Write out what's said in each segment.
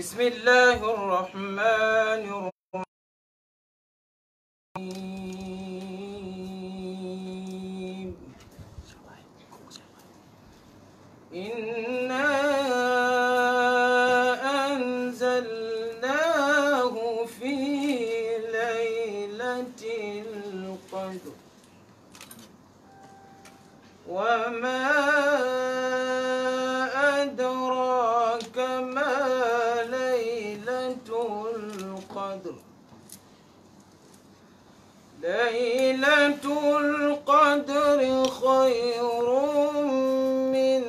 بسم الله الرحمن الرحيم إنا أنزلناه في ليلة القدر وما ليلة القدر خير من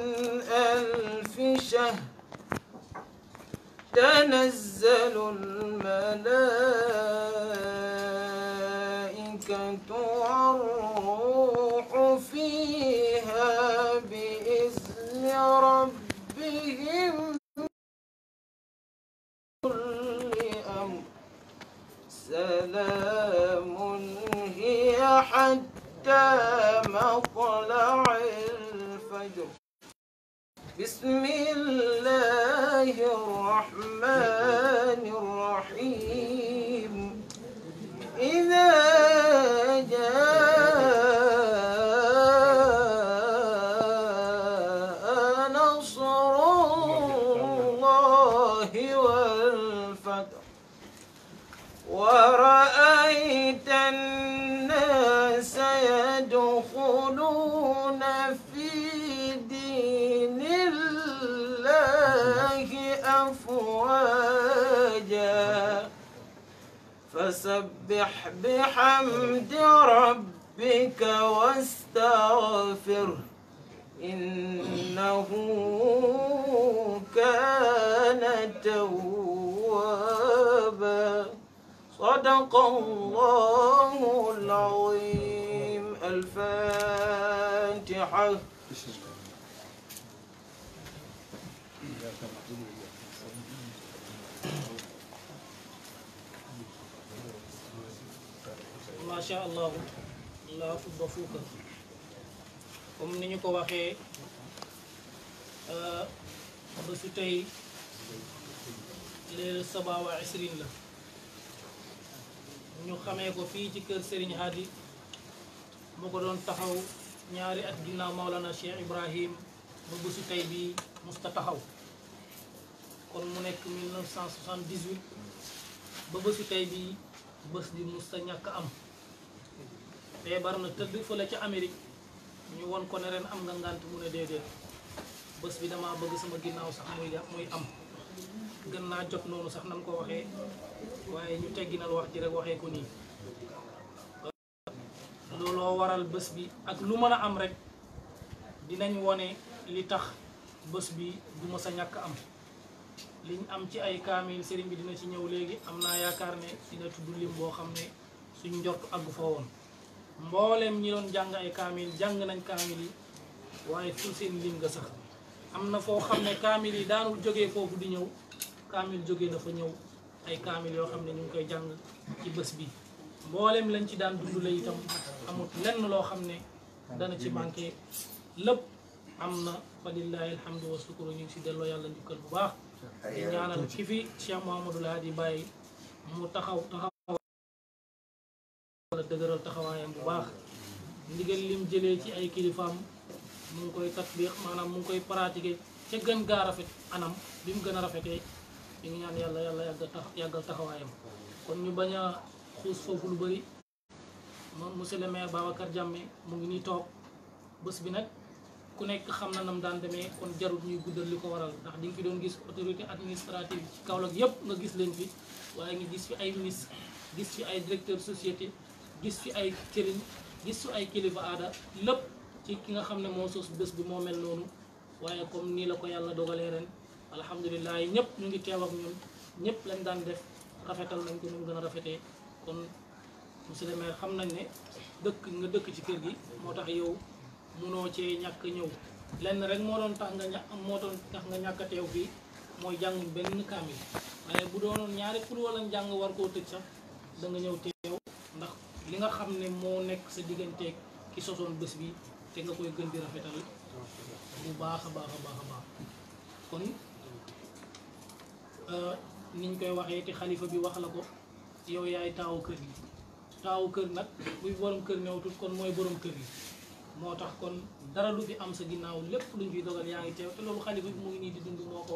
ألف شهر تنزل الملائكة والروح حتى مطلع الفجر بسم الله الرحمن الرحيم إذا أفواجا فسبح بحمد ربك واستغفره إنه كان توابا صدق الله العظيم الفاتحة macha allahu laa tudda fuuka comme ni ñu ko waxee euh, bésu tey léeru sabaa wa la ñu xamee ko fii ci kër Serigne Hadi moo ko doon taxaw ñaari at ginnaaw Maolana Cheikh Ibrahim ba bésu tey bi musta taxaw kon mu nekk 1978 ba bésu tey bi bés bi musta ñàkk am feebar na tëdd fële ca Amérique ñu won ko ne ren am nga ngànt mu ne déedéet bés bi dama bëgg sama ginnaaw sax muy muy am gën naa jot noonu sax nan ko waxee waaye ñu tegginal wax ji rek waxee ko nii looloo waral bés bi ak lu mën a am rek dinañ wone li tax bés bi du mës a ñàkk am liñ am ci ay kaamil sëriñ bi dina ci ñëw léegi am naa yaakaar ne dina tudd lim boo xam ne suñ njort àggu fa woon mboolem ñi doon jàng ay kaamil jàng nañ kaamil yi waaye fu seen nga sax am na foo xam ne kaamil yi daanul jóge foofu di ñëw kaamil jóge na fa ñëw ay kaamil yoo xam ne ñu ngi koy jàng ci bés bi mboolem lañ ci daan dund la itam amut lenn loo xam ne dana ci manqué lépp am na fa lillahi alhamdu wa sukuru ñu ngi si delloo yàlla njukkal bu baax di ñaanal ki fi Cheikh Mouhamadou Lahad bàyyi mu taxaw taxaw a dëgëral taxawaayam bu baax ndigal lim jëlee ci ay kilifaam mu ngi koy tatbiq maanaam mu ngi koy pratiquer ca gën gaa rafet anam bi mu gën a rafetee ñu ngi ñaan yàlla yàlla yàgg tax yàggal taxawaayam kon ñu bañ xuus foofu lu bëri moom monsieur le maire Babacar Diame mu ngi nii toog bës bi nag ku nekk xam na nam daan demee kon jarul ñuy guddal li ko waral ndax di nga fi doon gis autorité administrative ci Kaolack yëpp nga gis leen fi waaye nga gis fi ay ministre gis fi gis fi ay cëriñ gis su ay kilifa aada lépp ci ki nga xam ne moo soos bés bi moo mel noonu waaye comme nii la ko yàlla dogalee ren alhamdulilah ñëpp ñu ngi teew ak ñun ñëpp lañ daan def rafetal nañ ko ñu gën a rafetee monsieur le maire xam nañ ne dëkk nga dëkk ci kër gi moo tax yow munoo cee ñàkk ñëw lenn rek moo doon tax nga ña moo doon tax nga ñàkk a teew fii mooy jànguñ benn kaamil waaye bu doonoon ñaari pour wala jàng war koo tëj sax da nga ñëw teew ndax li nga xam ne moo nekk sa digganteeg ki sosoon bés bi te nga koy gën di baax a baax baax a baax euh, niñ koy waxee te xalifa bi wax la ko yow yaay taawu kër yi taawu kër nag buy kër newtut kon mooy borom kër yi moo tax kon dara lu fi am sa ginnaaw lépp luñ fiy dogal yaa ngi teew te loolu bi mu ngi di dund moo ko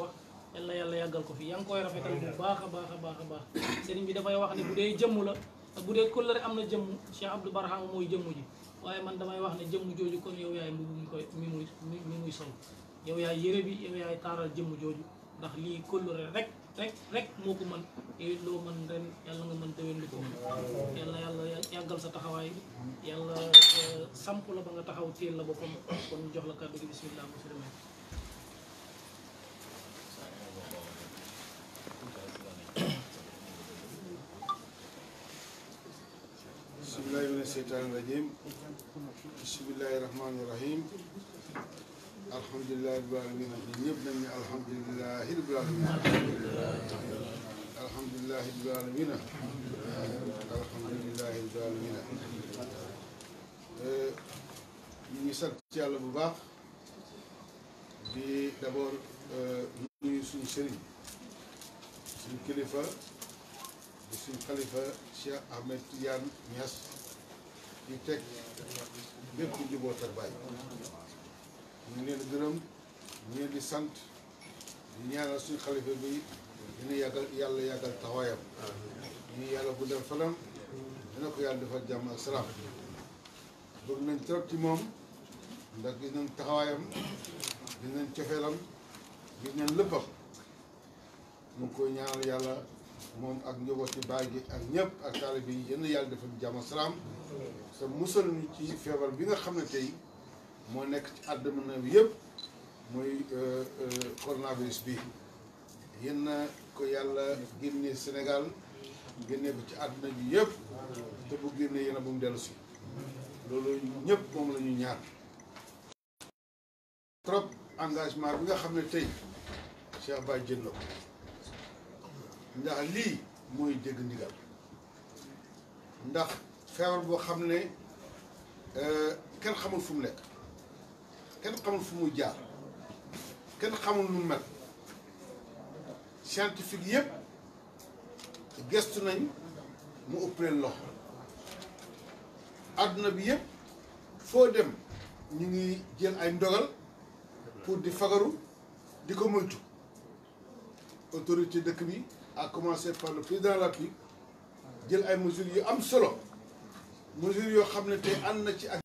yàlla yàggal ko fi yaa ngi rafetal bu baax a baax a baax a baax sëriñ bi dafay wax ne bu dee jëmm la bu dee kóllëre am na jëmm Cheikh Abdou Barham mooy jëmm ji waaye man damay wax ne jëmm jooju kon yow yaay mbubu mi koy mu muy mi muy sol yow yaay yére bi yow yaay taaral jëmm jooju ndax lii kóllëre rek rek rek moo ko mën yow loo mën ren yàlla nga mën déwén ko yàlla yàlla yàggal sa taxawaay yàlla eh, samp la ba nga taxaw téel la boppam kon jox la kàddu gi bisimilah muslimin الشيطان الرجيم بسم الله الرحمن الرحيم الحمد لله رب العالمين يبنى الحمد لله رب العالمين الحمد لله رب العالمين الحمد لله رب العالمين ñu sant yàlla bu baax di d'abord nuyu suñu sëriñ suñu kilifa di suñu xalifa Cheikh Ahmed Tidiane Niass di teg bépp njaboot ak baay ñu ngi leen di gërëm ñu leen di sant di ñaanal suñu xalifa bi dina yàggal yàlla yàggal taxawaayam ñu yàlla guddal fanam dina ko yàlla defal jàmm ak salaam bëgg nañ trop ci moom ndax ñaanal yàlla moom ak njabooti baay gi ak ñëpp ak taalibe yi yéen yàlla defal jàmm salaam sa musal ñu ci feebar bi nga xam ne tey moo nekk ci àdduna bi yëpp muy euh, euh, coronavirus bi yéen na ko yàlla génne Sénégal génne ko ci àdduna bi yëpp te bu génne yéen a bu mu dellu si loolu ñëpp moom la ñaar trop engagement bi nga xam ne tey Cheikh Baye jël na ko ndax lii mooy dégg ndigal ndax feebar boo xam ne euh, kenn xamul fu mu lekk kenn xamul fu mu jaar kenn xamul lu mel scientifique yëpp gestu nañ mu ëpp leen loxo àdduna bi yëpp foo dem ñu ngi jël ay ndogal pour di fagaru di ko moytu autorité dëkk bi à commencer par le président de la République jël ay mesures yu am solo mesures yoo xam ne tey ànd na ci ak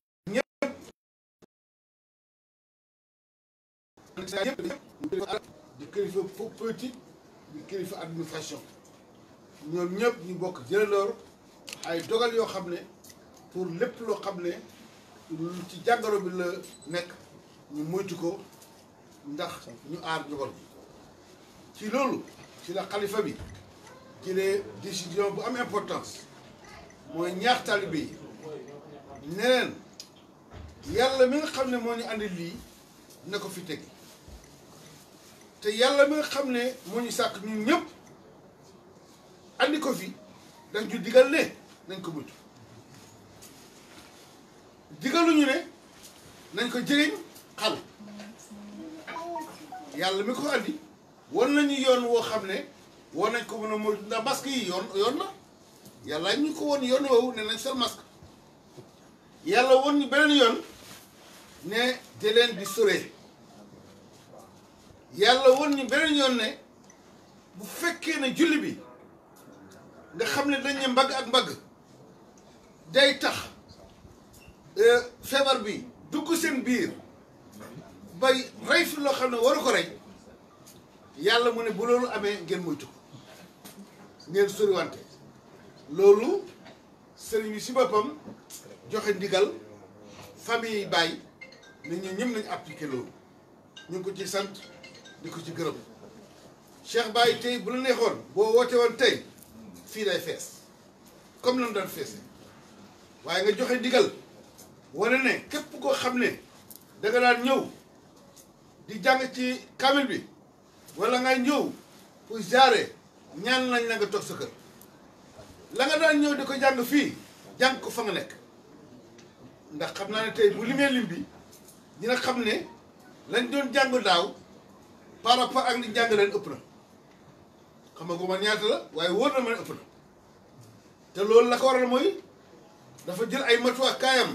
ñëpp di kilifa politique di kilifa administration ñoom ñëpp ñu bokk jëlaloor ay dogal yoo xam ne pour lépp loo xam ne ci jàngoro bi la nekk ñu moytu ko ndax ñu aar njogal ci loolu ci la xalifa bi jëlee décision bu am importance mooy ñaax taalibe yi ne leen yàlla mi nga xam ne moo ñu andi lii na ko fi teg te yàlla mi xam ne moo ñu sàkk ñun ñëpp andi ko fi dañ ñu digal ne nañ ko moytu digaluñu ne nañ ko jëriñ xal yàlla mi ko andi wan nañu yoon woo xam ne wan nañ ko mën a moy ndax masque yi yoon na la yàlla ñu ko woon yoon woowu ne nañ sol masque yàlla woon ñu beneen yoon ne di leen di soree yàlla woon ñu beneen yoon ne bu fekkee ne julli bi nga xam ne dañ ne mbagg ak mbagg day tax euh, feebar bi dugg seen biir bay rey fi loo xam ne waru ko rey yàlla mu ne bu loolu amee ngeen moytu ko ngeen soriwante loolu sëriñ bi si boppam joxe ndigal famille baay na ñu ñëm nañu appliqué loolu ñu ngi ko ci sant di ko ci gërëm Cheikh Baye tey bu la neexoon boo woote woon tey fii day fees comme lañu daan feese waaye nga joxe ndigal wane ne képp koo xam ne danga daan ñëw di jàng ci kamil bi wala ngay ñëw pour ñaan nañ la nga toog sa kër la nga daan ñëw di ko jàng fii jàng ko fa nga nekk ndax xam naa ne tey bu limee lim bi dina xam ne lañ doon jàng daaw par rapport ak ni jàng leen ëpp na xam nga ko man ñaata la waaye wóor na ma ëpp na te loolu la ko waral mooy dafa jël ay matuwaay kaayam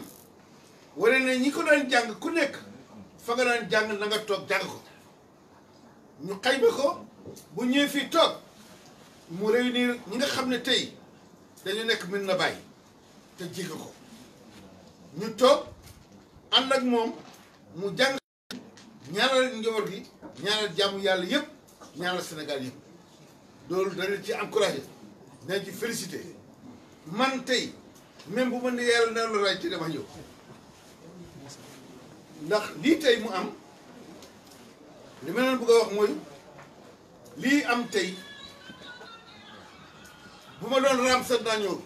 wane ne ñi ko daan jàng ku nekk fa nga daan jàng na nga toog jàng ko ñu xayma ko bu ñëwee fii toog mu réunir ñi nga xam ne tey dañu nekk mën na bàyyi te jege ko ñu toog ànd ak moom mu jàng ñaanal njaboot gi ñaanal jàmm yàlla yëpp ñaanal senegal yëpp loolu dana ci encouragé dana ci félicité man tey même bu ma ne yàlla na la raaj ci dama ñëw ndax lii tey mu am li ma leen bëgg a wax mooy lii am tey bu ma doon raam sax naa ñëw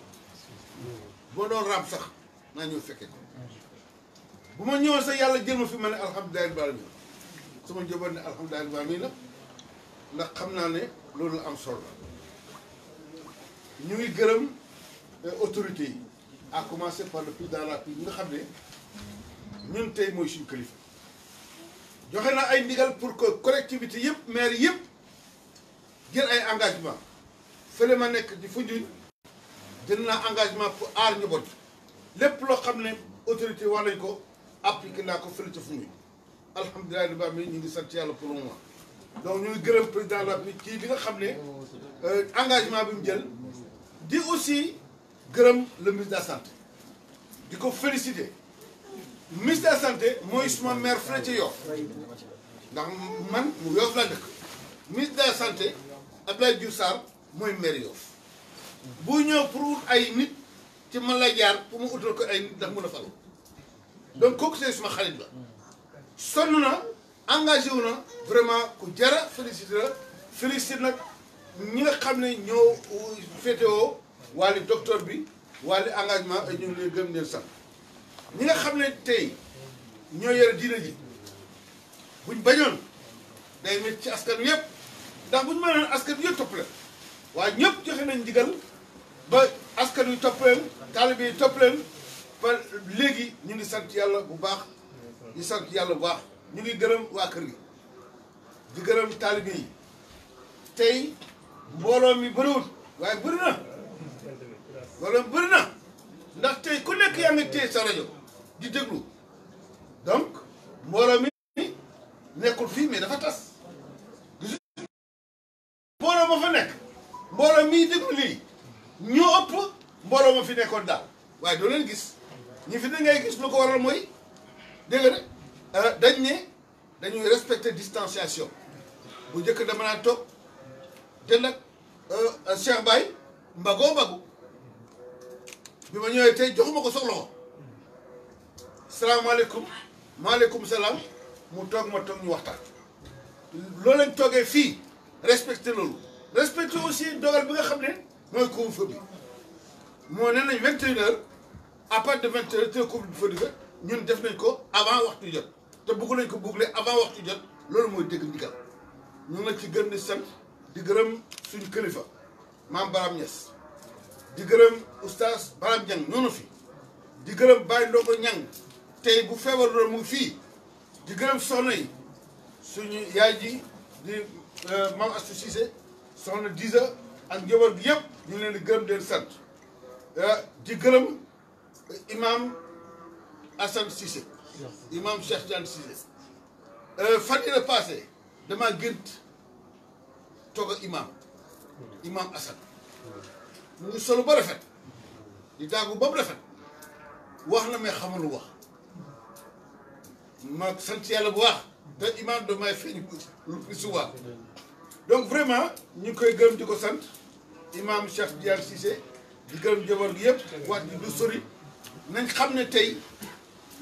bu ma doon raam sax naa ñëw fekke bu ma ñëwoon sax yàlla jël ma fi ma ne alhamdulilah rabbil alamin sama njaboot ne alhamdulilah rabbil alamin nag ndax xam naa ne loolu la am solo ñu ngi gërëm eh, autorités yi ak commencer par le président de la République nga xam ne ñun tey mooy suñu kilifa. joxe na ay ndigal pour que collectivité yëpp maire yëpp jël ay engagement fële ma nekk di Foundiougne jël naa engagement pour aar njaboot lépp loo xam ne autorité wax nañ ko appliqué naa ko fële fu Foundiougne alhamdulilah li baax mi ñu ngi sant yàlla pour le moment donc ñu gërëm président la République ci bi nga xam ne euh, engagement bi mu jël di aussi gërëm le ministre de sant di ko féliciter ministère santé mooy suma maire fële ci Yoff ndax man mu Yoff laa dëkk ministère santé Abdoulaye Diouf Sarr mooy maire Yoff bu ñëw pour ay nit ci man la jaar pour mu utal ko ay nit ndax mën a falu donc kooku seen suma xarit la engagé wu na vraiment ku jara félicité la félicité nag ñi nga xam ne ñoo féetewoo docteur bi wàllu engagement ñu ngi leen gëm leen ñi nga xam ne tey ñoo yore diina ji buñ bañoon day métti ci askan wi yëpp ndax buñ mënoon askan wi yëpp topp la waaye ñëpp joxe nañ ndigal ba askan wi topp leen taalibe yi topp leen ba léegi ñu ngi sant yàlla bu baax ñu sant yàlla bu baax ñu ngi gërëm waa kër gi di gërëm taalibe tey mbooloo mi bëriwul waaye bëri na mbooloo mi bëri na ndax tey ku nekk yaa ngi téye sa rajo di déglu donc mbooloo mi nekkul fii mais dafa tas gisu mbooloo ma fa nekk mbooloo mii déglu lii ñoo ëpp mbooloo ma fi nekkoon daal waaye doo leen gis ñi fi da ngay gis lu ko waral mooy dégg nga euh, dañ ne dañuy respecter distanciation bu njëkk dama naa toog dënd ak euh, Cheikh Baye mbagoo mbagu bi ma ñëwee tey joxuma ko soxla ko salaamaaleykum maaleykum salaam mu toog ma toog ñu waxtaan loolu lañ toogee fii respecté loolu respecté aussi dogal bi nga xam ne mooy couvre-feu moo ne nañ vingt et à partir de vingt heures te couvre-feu bi ñun def nañ ko avant waxtu jot te bugg nañ ko bugle avant waxtu jot loolu mooy dégg ndigal ñu ngi ci gën di sant di gërëm suñu kilifa maam Baram Niass di gërëm oustaz Baram Niang noonu fi di gërëm Baye Ndongo Niang tey bu feebar loolu mu fii di gërëm soxna yi suñu yaay ji di euh, Mame Astou soxna Diza ak njaboot bi yëpp ñu leen di gërëm di sant euh, di gërëm imam Assane Cissé imam Cheikh Tidiane Cissé euh, fan yii la passé damaa gënt toog imam imam Assane mu solo ba rafet di daagu ba mu rafet wax na mais xamul wax ma sant yàlla bu wax te imaam damay feeñ lu suba donc vraiment ñu koy gërëm di ko sant imaam Cheikh Diane Cissé di gërëm jabar gi yëpp wax di du sori nañ xam ne tey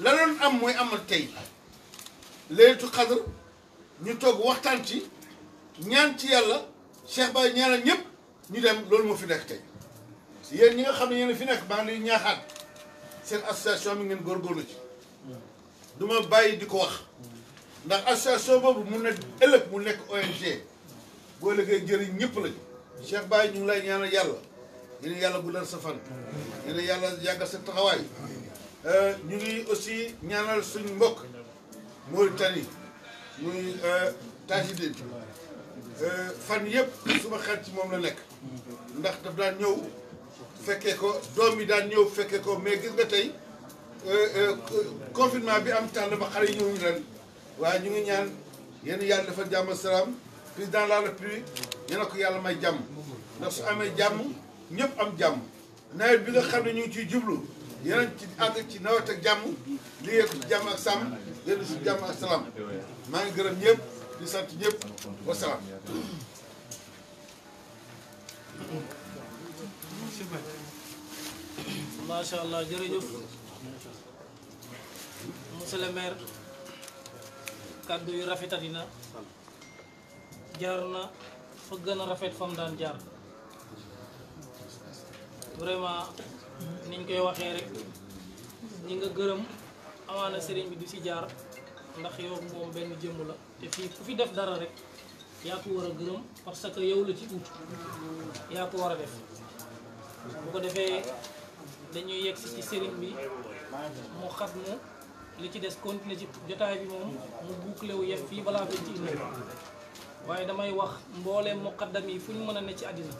la doon am mooy amal tey leetu xadar ñu toog waxtaan ci ñaan ci yàlla Cheikh Baye ñaanal ñëpp ñu dem loolu moo fi nekk tey yéen ñi nga xam ne yéen fi nekk maa ngi ñaaxaat seen association mi ngeen góorgóorlu ci du ma bàyyi di ko wax ndax association boobu mun na ëllëg mu nekk ONG boo ëllëgee njëriñ ñëpp lañu Cheikh Baye ñu ngi lay ñaanal yàlla ñu ne yàlla guddal sa fan ñu ne yàlla yàggal sa taxawaay euh, ñu ngi aussi ñaanal suñu mbokk Mauritanie muy euh, Tagidine euh, fan yëpp suma xel ci moom la nekk ndax daf daan ñëw fekkee ko doom yi daan ñëw fekkee ko mais gën nga tey Euh, euh, euh, confinement bi am tax na ba xale yi ñëwuñu ren waaye ñu ngi ñaan yenn yàlla defal jàmm salaam président de la république yéen a ko yàlla may jàmm ndax su amee jàmm ñëpp am jàmm nawet bi nga xam ne ñu ngi jublu yenn ci àgg ci nawet ak jàmm liggéey ko ci jàmm ak sàmm génn si jàmm ak salaam maa ngi gërëm ñëpp di sant ñëpp wa salaam. monsieur le maire kàddu yu rafetati na jaar na fa gën a rafet fam daan jaar vraiment niñ koy waxee rek ñi nga gërëm amaana sëriñ bi du si jaar ndax yow moom benn jëmm la te fii ku fi def dara rek yaa ko war a gërëm parce que yow la ci ut yaa ko war a def bu ko defee dañuy yegg si ci sëriñ bi mu xas mu li ci des continuer ci jotaay bi moom mu bouclé wu fii balaa vingt une waaye damay wax mbooleem muqaddam yi fu ñu mën a ne ci àddina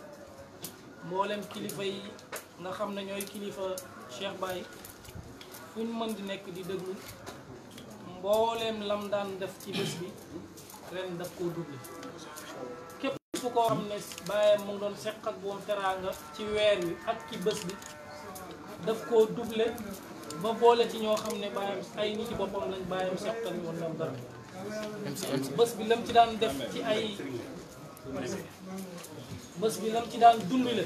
mbooleem kilifa yi nga xam ne ñooy kilifa Cheikh Baye fu ñu mën di nekk di déglu mbooleem lam daan def ci bés bi ren daf koo doublé képp fu koo xam ne baayam mu doon seq ak boom teraanga ci weer wi ak ci bés bi daf ko doublé ba boole ci ñoo xam ne bàyyam ay nit ci boppam lañ bàyyam seqal woon na dara bés bi lam ci daan def ci ay bés bi lam ci daan dund le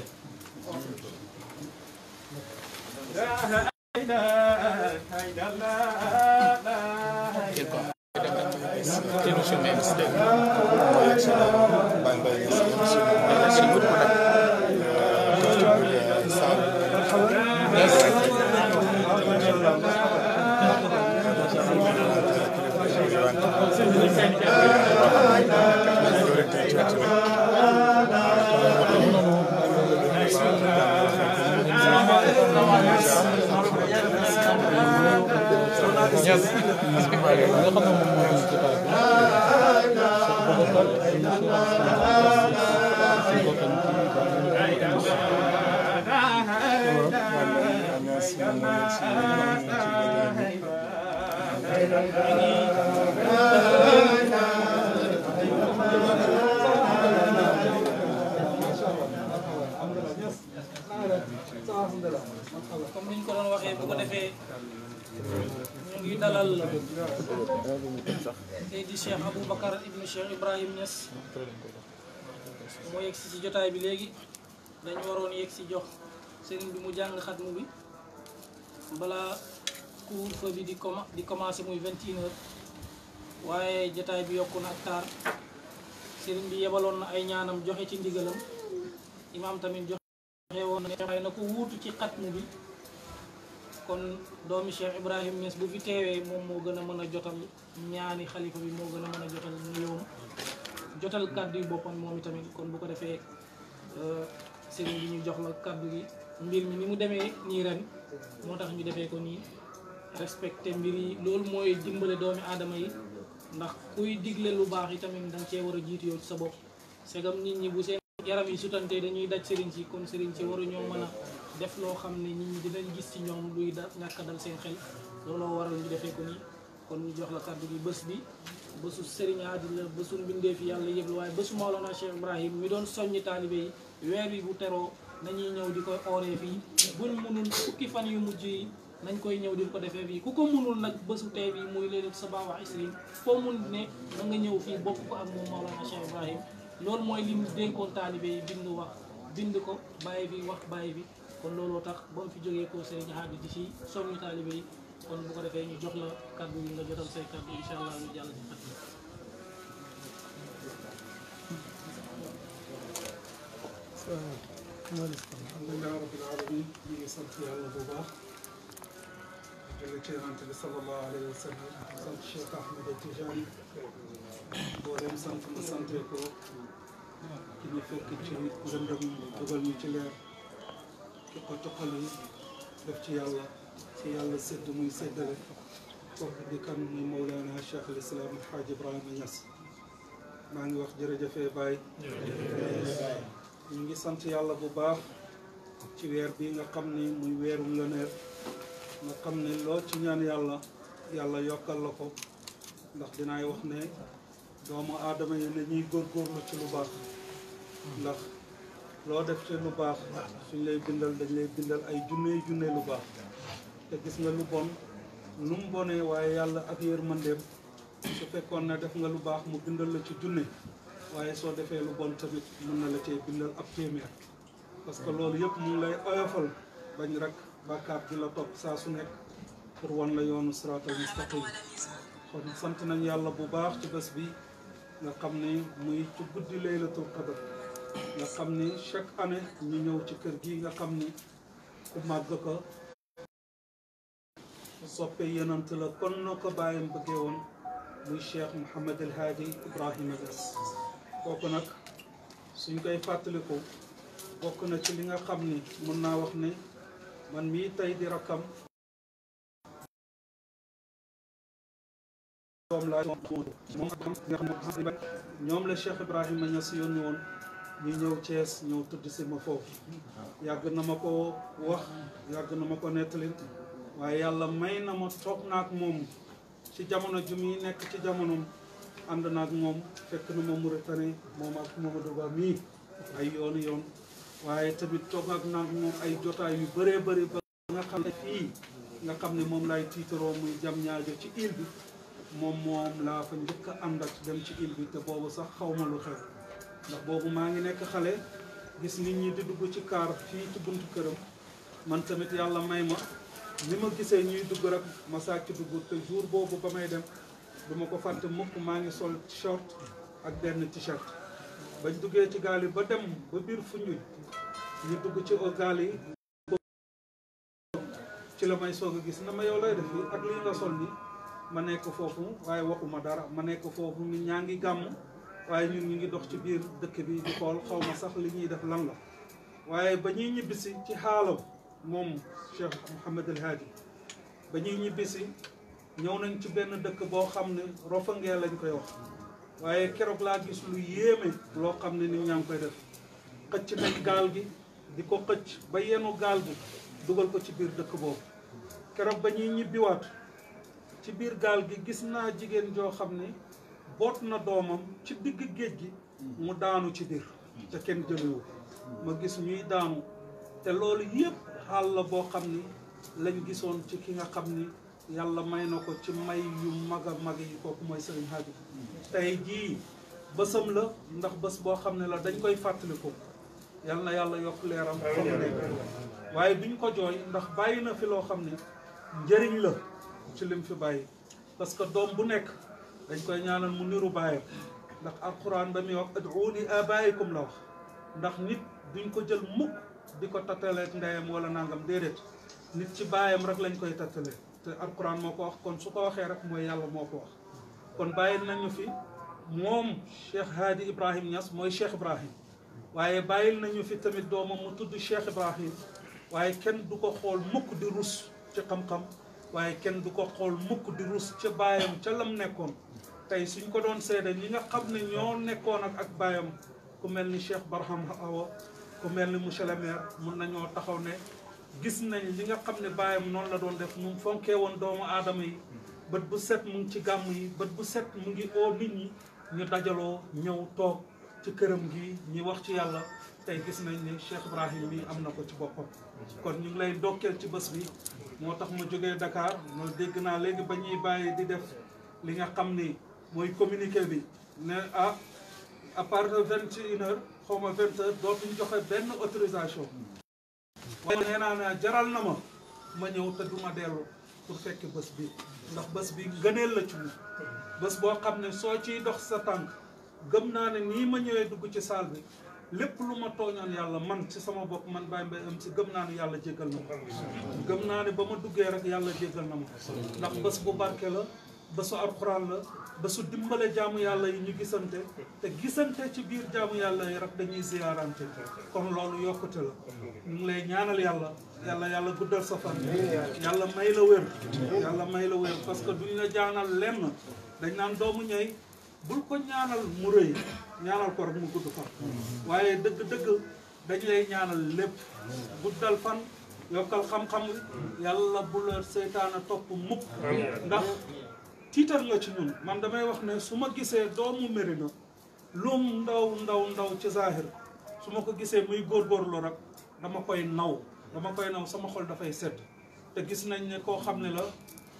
comme ni ñu ko doon waxee bu ko defee ñu ngi dalal tey di Cheikh Aboubacar ibnu Cheikh Ibrahim Niass moo yegg si jotaay bi léegi dañu waroon yegg si jox sëriñ bi mu jàng xatmu bi balaa couvre-feu di comm di commencé muy 21 heures waaye jataay bi yokku na ak taar sëriñ bi yebaloon na ay ñaanam joxe ci ndigalam imaam tamit joxe woon ne xëy na ko wuutu ci xatmu bi kon doomi Cheikh Ibrahim Niass bu fi teewee moom moo gën a mën a jotal ñaani xalifa bi moo gën a mën a jotal nuyoo jotal kàddu yi boppam moom itamit kon bu ko defee euh, sëriñ bi ñu jox la kàddu gi mbir mi ni mu demee nii ren moo tax ñu defee ko nii respecté mbir yi loolu mooy dimbale doomi aadama yi ndax kuy digle lu baax yi tamit danga cee war a jiitu yow ci sa bopp segam nit ñi bu seen yaram yi sutantee dañuy daj sëriñ si kon sëriñ si waru ñoo mën def loo xam ne nit ñi dinañ gis ci ñoom luy da ñàkk dal seen xel looloo waral ñu defee ko nii kon ñu jox la kàddu gi bés bi bésu sëriñ aadi la bésu mbindee fi yàlla yëpp waaye bésu Maolana Cheikh Ibrahim mi doon soññi taalibe yi weer bi bu teroo nañuy ñëw di koy ooree fii buñ mënul yu mujj yi nañ koy ñëw di ko defee fii ku ko mënul nag bësu tey bi muy léeg-léeg sa baawa isrin foo mun ne da ñëw fii bokk ko am moom Mawlana Cheikh Ibrahim loolu mooy lim dénkoon taalibe yi dind wax dind ko bàyyi bi wax bàyyi bi kon looloo tax ba mu fi jógee ko Serigne Hadj di ci soññu taalibe yi kon bu ko defee ñu jox la kàddu yi nga jotal say kàddu incha allah ñu jàll ci fàttali alhamdulilah julli ci yonent bi sallallahu alayhi wa sallam sant Cheikh Ahmed Tidiane booleem sant ma sante ko ki ñu fekk ci lëndëm dugal ñu ci leer ki ko tuqal yi def ci yàlla ci yàlla sédd muy séddale kooku di kan muy Mawlana Cheikh al Islam El Hadj Ibrahima Niass maa ngi wax jërëjëfee Baye ñu ngi sant yàlla bu baax ci weer bi nga xam ni muy weeru ngëneel nga xam ne loo ci ñaan yàlla yàlla yokkal la ko ndax dinaay wax ne doomu aadama yi góor góorgóorlu ci lu baax ndax loo def ci lu baax suñ lay bindal dañ lay bindal ay junne junne lu baax te gis nga lu bon nu mu bonee waaye yàlla ak yërmandeem su fekkoon ne def nga lu baax mu bindal la ci junne waaye soo defee lu bon tamit mën na la cee bindal ab téeméer parce que loolu yëpp mu ngi lay oyofal bañ rek bàkkaar di la topp saa su nekk pour wan la yoonu siraatal mustaqim kon sant nañ yàlla bu baax ci bés bi nga xam ne muy ci guddi laylatul qadr nga xam ni chaque année ñu ñëw ci kër gi nga xam ni ku màgg ko soppe yenant la kon na ko bàyyam bëggee woon muy cheikh Mouhamed El Hadi Ibrahima Niass kooku nag suñ koy fàttaliku bokk na ci li nga xam ni mun naa wax ne man mii tey di rakkam doom laa moom nga ñoom la Cheikh Ibrahima Niass yónni woon ñu ñëw Thiès ñëw tudd si ma foofu yàgg na ma ko wax yàgg na ma ko nettali waaye yàlla may na ma toog naak moom ci jamono ju muy nekk ci jamonom ànd naak moom fekk na ma Mauritanie moom ak Mamadou Ba mii ay yoonu yoon waaye tamit toog ak moom ay jotaay yu bëree bëri ba nga xam ne fii nga xam ne moom lay tiitaroo muy jam ñaajo ci île bi moom moom laa fa njëkk a ànd ak dem ci île bi te boobu sax xawma lu xew ndax boobu maa ngi nekk xale gis nit ñi di dugg ci kaar fii ci buntu këram man tamit yàlla may ma ni ma gisee ñuy dugg rek ma sàcc dugg te jour boobu ba may dem du ko fàtte mukk maa ngi sol short ak benn t-shirt bañ duggee ci gaal yi ba dem ba biir Foundiougne ñu dugg ci gaal yi ci la may soog a gis na ma yow lay def yi ak li nga sol ni ma nekk foofu waaye waxuma dara ma nekk foofu ñaa ngi gàmm waaye ñun ñu ngi dox ci biir dëkk bi di xool xaw ma sax li ñuy def lan la waaye ba ñuy ñibbisi ci xaalam moom Cheikh Mouhamed El ba ñuy ñibbisi ñëw nañ ci benn dëkk boo xam ne Rofangee lañ koy wax waaye keroog laa gis lu yéeme loo xam ne nit ñaa ngi koy def xëcc nañ gaal gi di ko xëcc ba yenu gaal gi dugal ko ci biir dëkk boobu keroog ba ñuy ñibbiwaat ci biir gaal gi gis naa jigéen joo xam ne boot na doomam ci digg géej gi mu daanu ci biir te kenn jëlewu ma gis ñuy daanu te loolu yépp xaal la boo xam ni lañ gisoon ci ki nga xam ni yàlla may na ko ci may yu mag a mag yi kooku mooy Sëriñ Haaji tey jii bësam la ndax bés boo xam ne la dañ koy fàttaliku yal na yàlla yokk leeram fa nekk duñ ko jooy ndax bàyyi na fi loo xam ne njëriñ la ci lim fi bàyyi parce que doom bu nekk dañ koy ñaanal mu niru bàyyam ndax alquran ba muy wax ad'uuni abaayikum la wax ndax nit duñ ko jël mukk di ko tattaleeg ndeyam wala nangam déedéet nit ci baayam rek lañ koy tattalee te alquran moo ko wax kon su ko waxee rek mooy yàlla moo ko wax kon bàyyil nañu fi moom Cheikh Hadi Ibrahim Niass mooy Cheikh Ibrahim waaye bàyyil nañu fi tamit doomam mu tudd Cheikh Ibrahim waaye kenn du ko xool mukk di rus ci xam waaye kenn du ko xool mukk di ca baayam ca lam nekkoon tey suñ ko doon seede ñi nga xam ne ñoo nekkoon ak ak baayam ku mel ni Cheikh Barham Awa ku mel ni monsieur le maire mun nañoo taxaw ne gis nañ li nga xam ne baayam noonu la doon def mu fonkee woon doomu aadama yi bët bu set mu ngi ci gàmm yi bët bu set mu ngi oo nit ñi ñu dajaloo ñëw toog ci këram gi ñi wax ci yàlla tey gis nañ ni Cheikh Ibrahim bi am na ko ci boppam kon ñu ngi lay ndokkeel ci bës bi moo tax ma jógee Dakar ma dégg naa léegi ba ñuy bàyyi di def li nga xam ni mooy communiqué bi ne ah à part de vingt et une heures xaw ma vingt heures dootuñ joxe benn autorisation waaye nee naa ne jaral na ma ma ñëw te duma dellu pour fekk bés bi ndax bés bi ngëneel la ci mu bés boo xam ne soo ciy dox sa tànk gëm naa ne nii ma ñëwee dugg ci saal bi lépp lu ma tooñoon yàlla man ci sama bopp man Baye Mbaye am ci gëm naa ne yàlla jéggal na ma gëm naa ne ba ma duggee rek yàlla jéggal na ma ndax bés bu barke la ba su alxuraan la ba su dimbale jàmm yàlla yi ñu gisante te gisante ci biir jaamu yàlla yi rab dañuy ziyaarante kon loolu yokkute la ñu ngi lay ñaanal yàlla yàlla yàlla guddal sa fan yàlla may la wér may la wér parce que duñ la jaanal lenn dañ naan doomu ñey bul ko ñaanal mu rëy ñaanal ko rek mu gudd fan waaye dëgg-dëgg dañ lay ñaanal lépp guddal fan yokkal xam-xam yàlla bu la seytaana topp mukk ndax tiitar la ci ñun man damay wax ne su ma gisee doomu Mérina lum ndaw ndaw ndaw ci zahir su ma ko gisee muy góor góorgóorlu rek dama koy naw dama koy naw sama xol dafay sedd te gis nañ ne koo xam ne la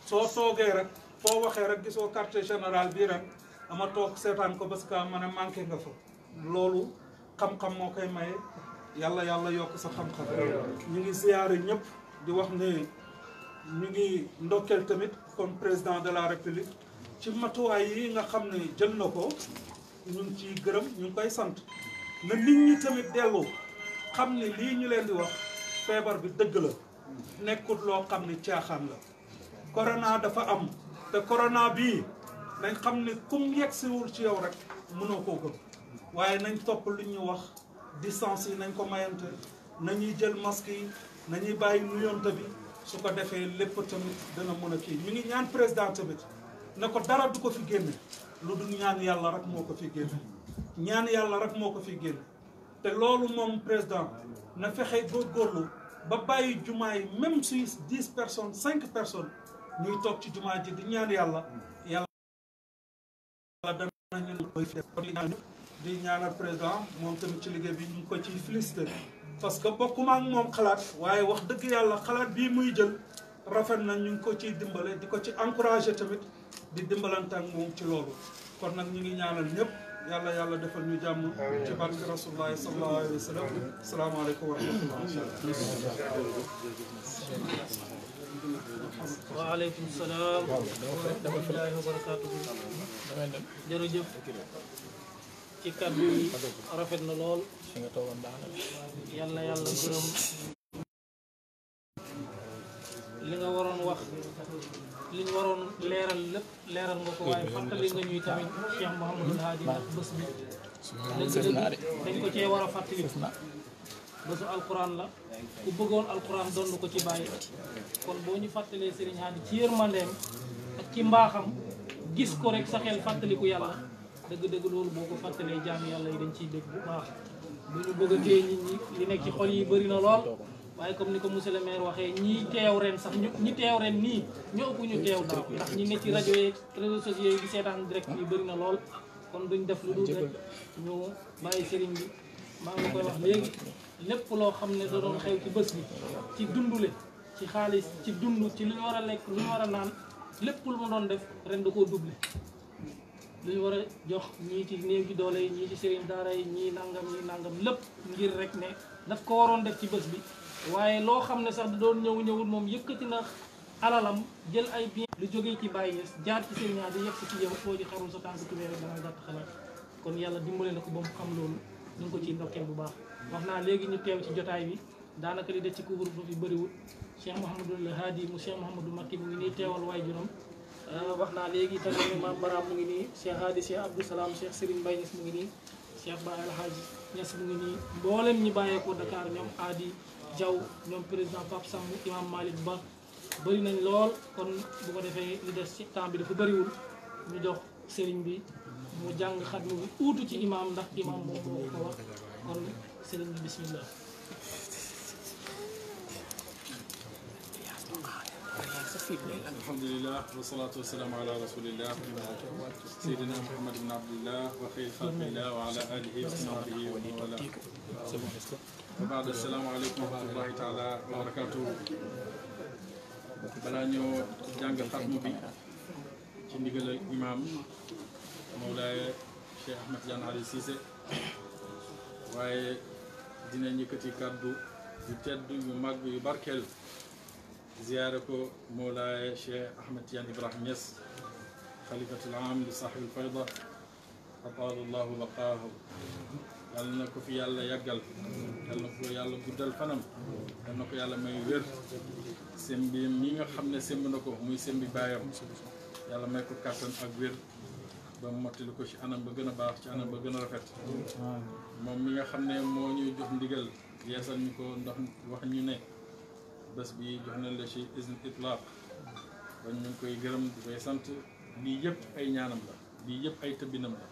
soo soogee rek foo waxee rek gisoo quartier général bii rek dama toog seetaan ko parce que ma ne manqué nga fa loolu xam-xam moo koy maye yàlla yàlla yokk sa xam-xam ñu ngi ziyaare ñëpp di wax ne ñu ngi ndokkeel tamit comme président de la république ci matuwaay yi nga xam ne jël na ko ñun ngi ciy gërëm ñu ngi koy sant na nit ñi tamit dellu xam ne lii ñu leen di wax feebar bi dëgg la nekkut loo xam ne caaxaan la corona dafa am te corona bii nañ xam ne kum yegsiwul ci yow rek mënoo koo gëm waaye nañ topp lu ñu wax distance yi nañ ko mayante nañuy jël masque yi nañuy bàyyi nuyonte bi su ko defee lépp tamit dana mën a kii ñu ngi ñaan président tamit ne ko dara du ko fi génne lu dul ñaan yàlla rek moo ko fi génne ñaan yàlla rek moo ko fi génne te loolu moom président na fexe góorgóorlu ba bàyyi jumaa yi même si dix personnes cinq personnes ñuy toog ci jumaa ji di ñaan yàlla yàlla danañu di ñaana président moom tamit ci liggéey bi ñu ko ci félicité parce que bokkuma ak moom xalaat waaye wax dëgg yàlla xalaat bii muy jël rafet na ñu ko ci dimbale di ko ci encouragé tamit di dimbalante ak moom ci loolu kon nag ñu ngi ñaanal ñëpp yàlla yàlla defal ñu jàmm ci barke rasulullahi sallallahu alayhi wa sallam asalaamaaleykum wa rahmatullah waaleykum salaam wa rahmatullahi wa barakatuh jërëjëf ci kàddu yi rafet na lool yàlla yàlla gërëm li nga waroon wax li ñu waroon leeral lépp leeral nga ko waaye fàttali nga ñuy tamit Cheikh Mouhamadul Haadi ndax bés bi dëgg-dëgg dañ ko cee war a fàttali bésu alquran la ku bëggoon alquran donn ko ci bàyyi kon boo ñu fàttalee Serigne Haadi ci yërmandeem ak ci mbaaxam gis ko rek sa xel fàttaliku yàlla dëgg-dëgg loolu boo ko fàttalee jaam yàlla yi dañ ciy dégg bu baax bu ñu bëgg a téye ñi li nekk ci xol yi bëri na lool waaye comme ni ko monsieur le maire waxee ñi teew ren sax ñu ñi teew ren nii ñoo ëpp ñu teew daaw ndax ñi ne ci rajo yeeg réseaux sociaux yi di seetaan direct yi bëri na lool kon duñ def lu dul rek ñu bàyyi sëriñ bi maa ngi koy wax léegi lépp loo xam ne da doon xew ci bës bi ci dundule ci xaalis ci dund ci lu ñu war a nekk lu ñu war a naan lépp lu doon def ren da koo doublé luñ war a jox ñii ci néew ji doole yi ñii ci sëriñ daara yi ñii nangam ñii nangam lépp ngir rek ne daf ko waroon def ci bés bi waaye loo xam ne sax da doon ñëw ñëwul moom yëkkati na alalam jël ay bien lu jógee ci Baye Niass jaar ci sëriñ di yegg si ci yow foo ji xarul sa tànk tubéer rek dana xalaat kon yàlla dimbale na ko ba mu xam loolu ñu ko ciy ndokkeel bu baax wax naa léegi ñu teew ci jotaay bi daanaka li des ci couvre-feu fi bëriwul Cheikh Mouhamadul Hadi mu Cheikh Mouhamadou Makki mu ngi nii teewal waay juróom Euh, wax naa léegi tamit Baraam mu ngi nii Cheikh Hadi Cheikh Abdou Salam Cheikh Serigne Mbaye Niass mu ngi nii Cheikh Baye Alhaji Niass mu ngi nii mboolem ñi bàyyeekoo Dakar ñoom Adi Diaw ñoom président Pape Samb Imam Malick Ba bëri nañ lool kon bu ko defee li des ci temps bi dafa bëriwul ñu jox sëriñ bi mu jàng xat mu uutu ci imam ndax imam moom moo ko wax kon Serigne bi bismillah فينا الحمد لله والصلاة والسلام على رسول الله سيدنا محمد بن عبد الله وخير خلق الله وعلى آله وصحبه ومن والاه وبعد السلام عليكم ورحمة الله تعالى وبركاته balaa ñëw jàng xatmu bi ci ndigalal imaam Mawlaaye Cheikh Ahmed Tidiane Ali Cissé waaye dina yëkkati kàddu yu tedd yu màgg yu barkeel ziyaare ko Mawlaaya Cheikh Ahmed Tidiane Ibrahima Niass xalifatul aam li saaxibil fayda ataala llahu baqaahu yàlla na ko fi yàlla yàggal yàlla na ko yàlla guddal fanam yàlla na ko yàlla may wér sembi mi nga xam ne semb na ko muy sembi baayam yàlla may ko kàttan ak wér ba mottali ko ci anam ba gën a baax ci anam ba gën a rafet moom mi nga xam ne moo ñuy jox ndigal yeesal ñu ko ndax wax ñu ne bés bi jox nañ la ci isne itlaq kon ñu koy gërëm di koy sant lii yëpp ay ñaanam la lii yëpp ay tëbbinam la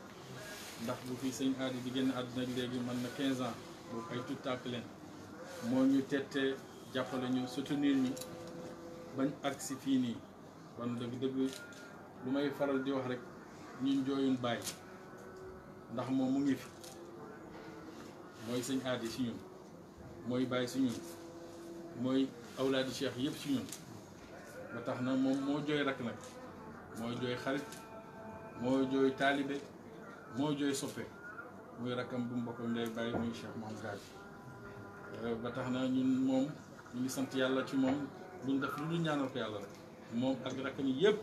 ndax bu fi sëñ aadi di génn àdduna léegi mën na 15 ans boobu ay tout tàkk leen moo ñu tettee jàppale ñu soutenir ñu bañ agsi fii nii kon dëgg dëgg lu may faral di wax rek ñun jooyun bàyyi ndax moom mu ngi fi mooy sëñ aadi si ñun mooy bàyyi si ñun mooy awlaadi cheikh yëpp ci ñun ba tax na moom moo jooy rak nag mooy jooy xarit mooy jooy taalibe mooy jooy soppe muy rakkam bu mu bokkal ndey bàyyi muy cheikh Mahamadou Gaye euh, ba tax na ñun moom ñu ngi sant yàlla ci moom luñ def lu ñu ñaanal ko yàlla rek moom ak rakkam yëpp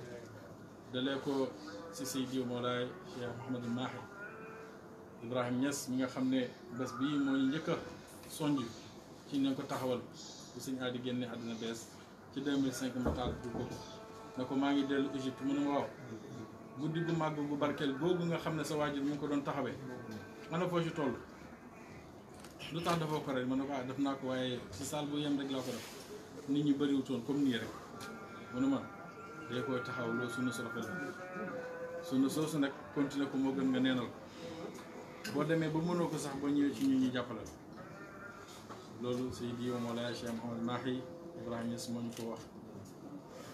dalee ko si Seydi Moolaay Cheikh Mouhamadou Mahi Ibrahim Niass mi nga xam ne bés bii mooy njëkk a sonj ci nañ ko taxawal bi sëñ Hady génne àddina bees ci 2005 ma taal ko ne ko maa ngi dellu Égypte mu ne ma waaw guddi gu màgg gu barkeel googu nga xam ne sa waajur mi ngi ko doon taxawee man a foo ci lu tax dafoo ko rek ma ne ko ah, def naa waaye ci saal bu yem rek laa ñi bëriwutoon comme nii rek mu ma day koy taxaw loolu suñu soxla la suñu soosu ko moo gën nga neenal boo demee ba mënoo ko sax ba ñëwee ci ñun ñu jàppale la loolu Seydi wa Mawlaaya Cheikh Mouhamed Mahi Ibrahima Niass moo ñu ko wax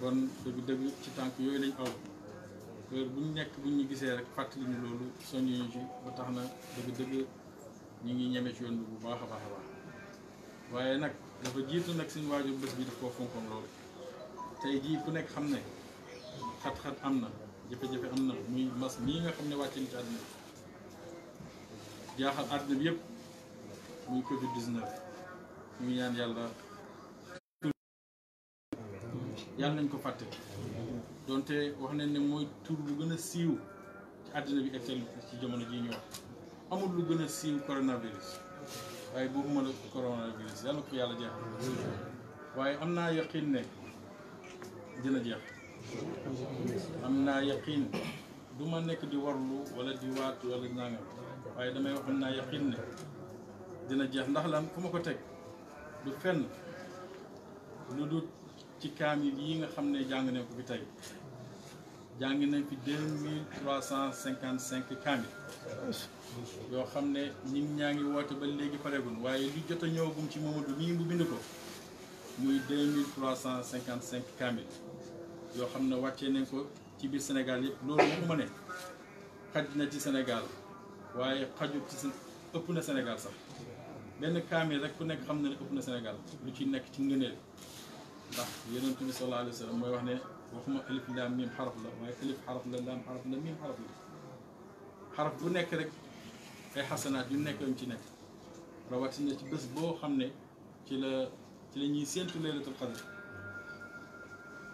kon dëgg-dëgg ci tànk yooyu lañ aw heure bu ñu nekk bu ñu gisee rek fàttali ñu loolu soññu ñu ci ba tax na dëgg-dëgg ñu ngi ñeme ci yoon bi bu baax a baax a baax waaye nag dafa jiitu nag suñu waajur bés bi daf koo fonkoon loolu tey jii ku nekk xam ne xat-xat am na jafe-jafe am na muy mas nii nga xam ne wàcc na ci àdduna bi jaaxal àdduna bi yëpp muy Covid 19. ñu yàlla yàlla nañ ko fàtte donte wax nañ ne mooy tur lu gën a siiw ci àddina bi actuelle ci jamono ji ñu amul lu gën a siiw coronavirus waaye boobu mën a coronavirus yàlla ko yàlla jeexal waaye am naa yaqin ne dina jeex am naa yaqin du ma nekk di warlu walla di waatu wala nangam waaye damay wax am naa yaqin ne dina jeex ndax lan fu ma ko teg du fenn lu dul ci kaamil yi nga xam ne jàng nañ ko fi tey jàng nañ fi deux mille trois cent kaamil yoo xam ne ñun ñaa ngi woote ba léegi pareegul waaye lu jot a ñëwagum ci Mamadou nii mu bind ko muy deux mille trois cent kaamil yoo xam ne wàccee nañ ko ci biir Sénégal yëpp loolu moom ma ne xaj na ci senegal waaye xaju ci ëpp na Sénégal sax benn kaamil rek ku nekk xam na ne ëpp na Sénégal lu ci nekk ci ngëneel ndax yonent bi sallallahu alayhi mooy wax ne waxuma alif laam miim xaraf la waaye alif xaraf la laam xaraf la miim xaraf bu nekk rek ay xasanaat yu nekk ci nekk rawatina ci bés boo xam ne ci la ci la ñuy séentu laylatul xadr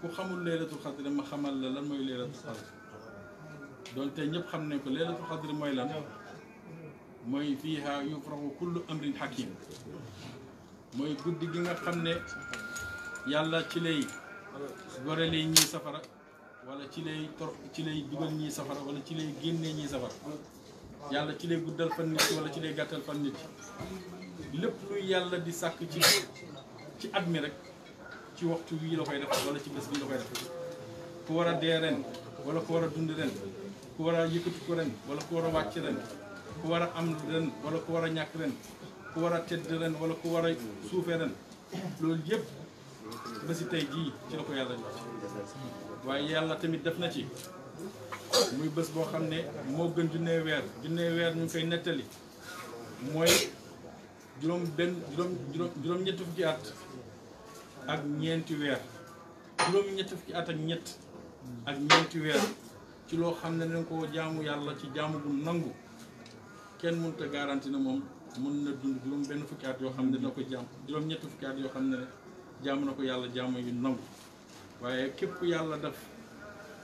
ku xamul laylatul xadr ma xamal la lan mooy laylatul xadr doon tey ñëpp xam ne ko laylatul xadr mooy la mooy fiiha yufraxu kullu amrin hakim mooy guddi gi nga xam ne yàlla ci lay gorele ñii safara wala ci lay tor ci lay dugal ñii safara wala ci lay génnee ñii safara yàlla ci lay guddal fan nit wala ci lay gàttal fan nit lépp yàlla di sàkk ci ci at mi rek ci waxtu wii la koy def wala ci bés bii la koy def ku war a dee ren wala ku war a dund ren ku war a yëkkati ko ren wala ku war a wàcc ren ku war a am ren wala ku war a ñàkk ren ku war a tedd ren wala ku war a suufee ren loolu yépp ba si tey jii ci la ko yàlla jox waaye yàlla tamit def na ci muy bés boo xam ne moo gën junnee weer junnee weer ñu ngi koy nettali juróom benn juróom juróom juróom ñeenti weer juróom ñetti fukki at ak ñett ak ñeenti weer ci loo xam ne dañ ko jaamu yàlla ci jaamu bu nangu kenn mënut garanti na moom mën na dund juróom benn fukki at yoo xam ne dina ko jàmm juróom ñetti fukki at yoo xam ne jàmm na ko yàlla jàmm yu nangu waaye képp ku yàlla def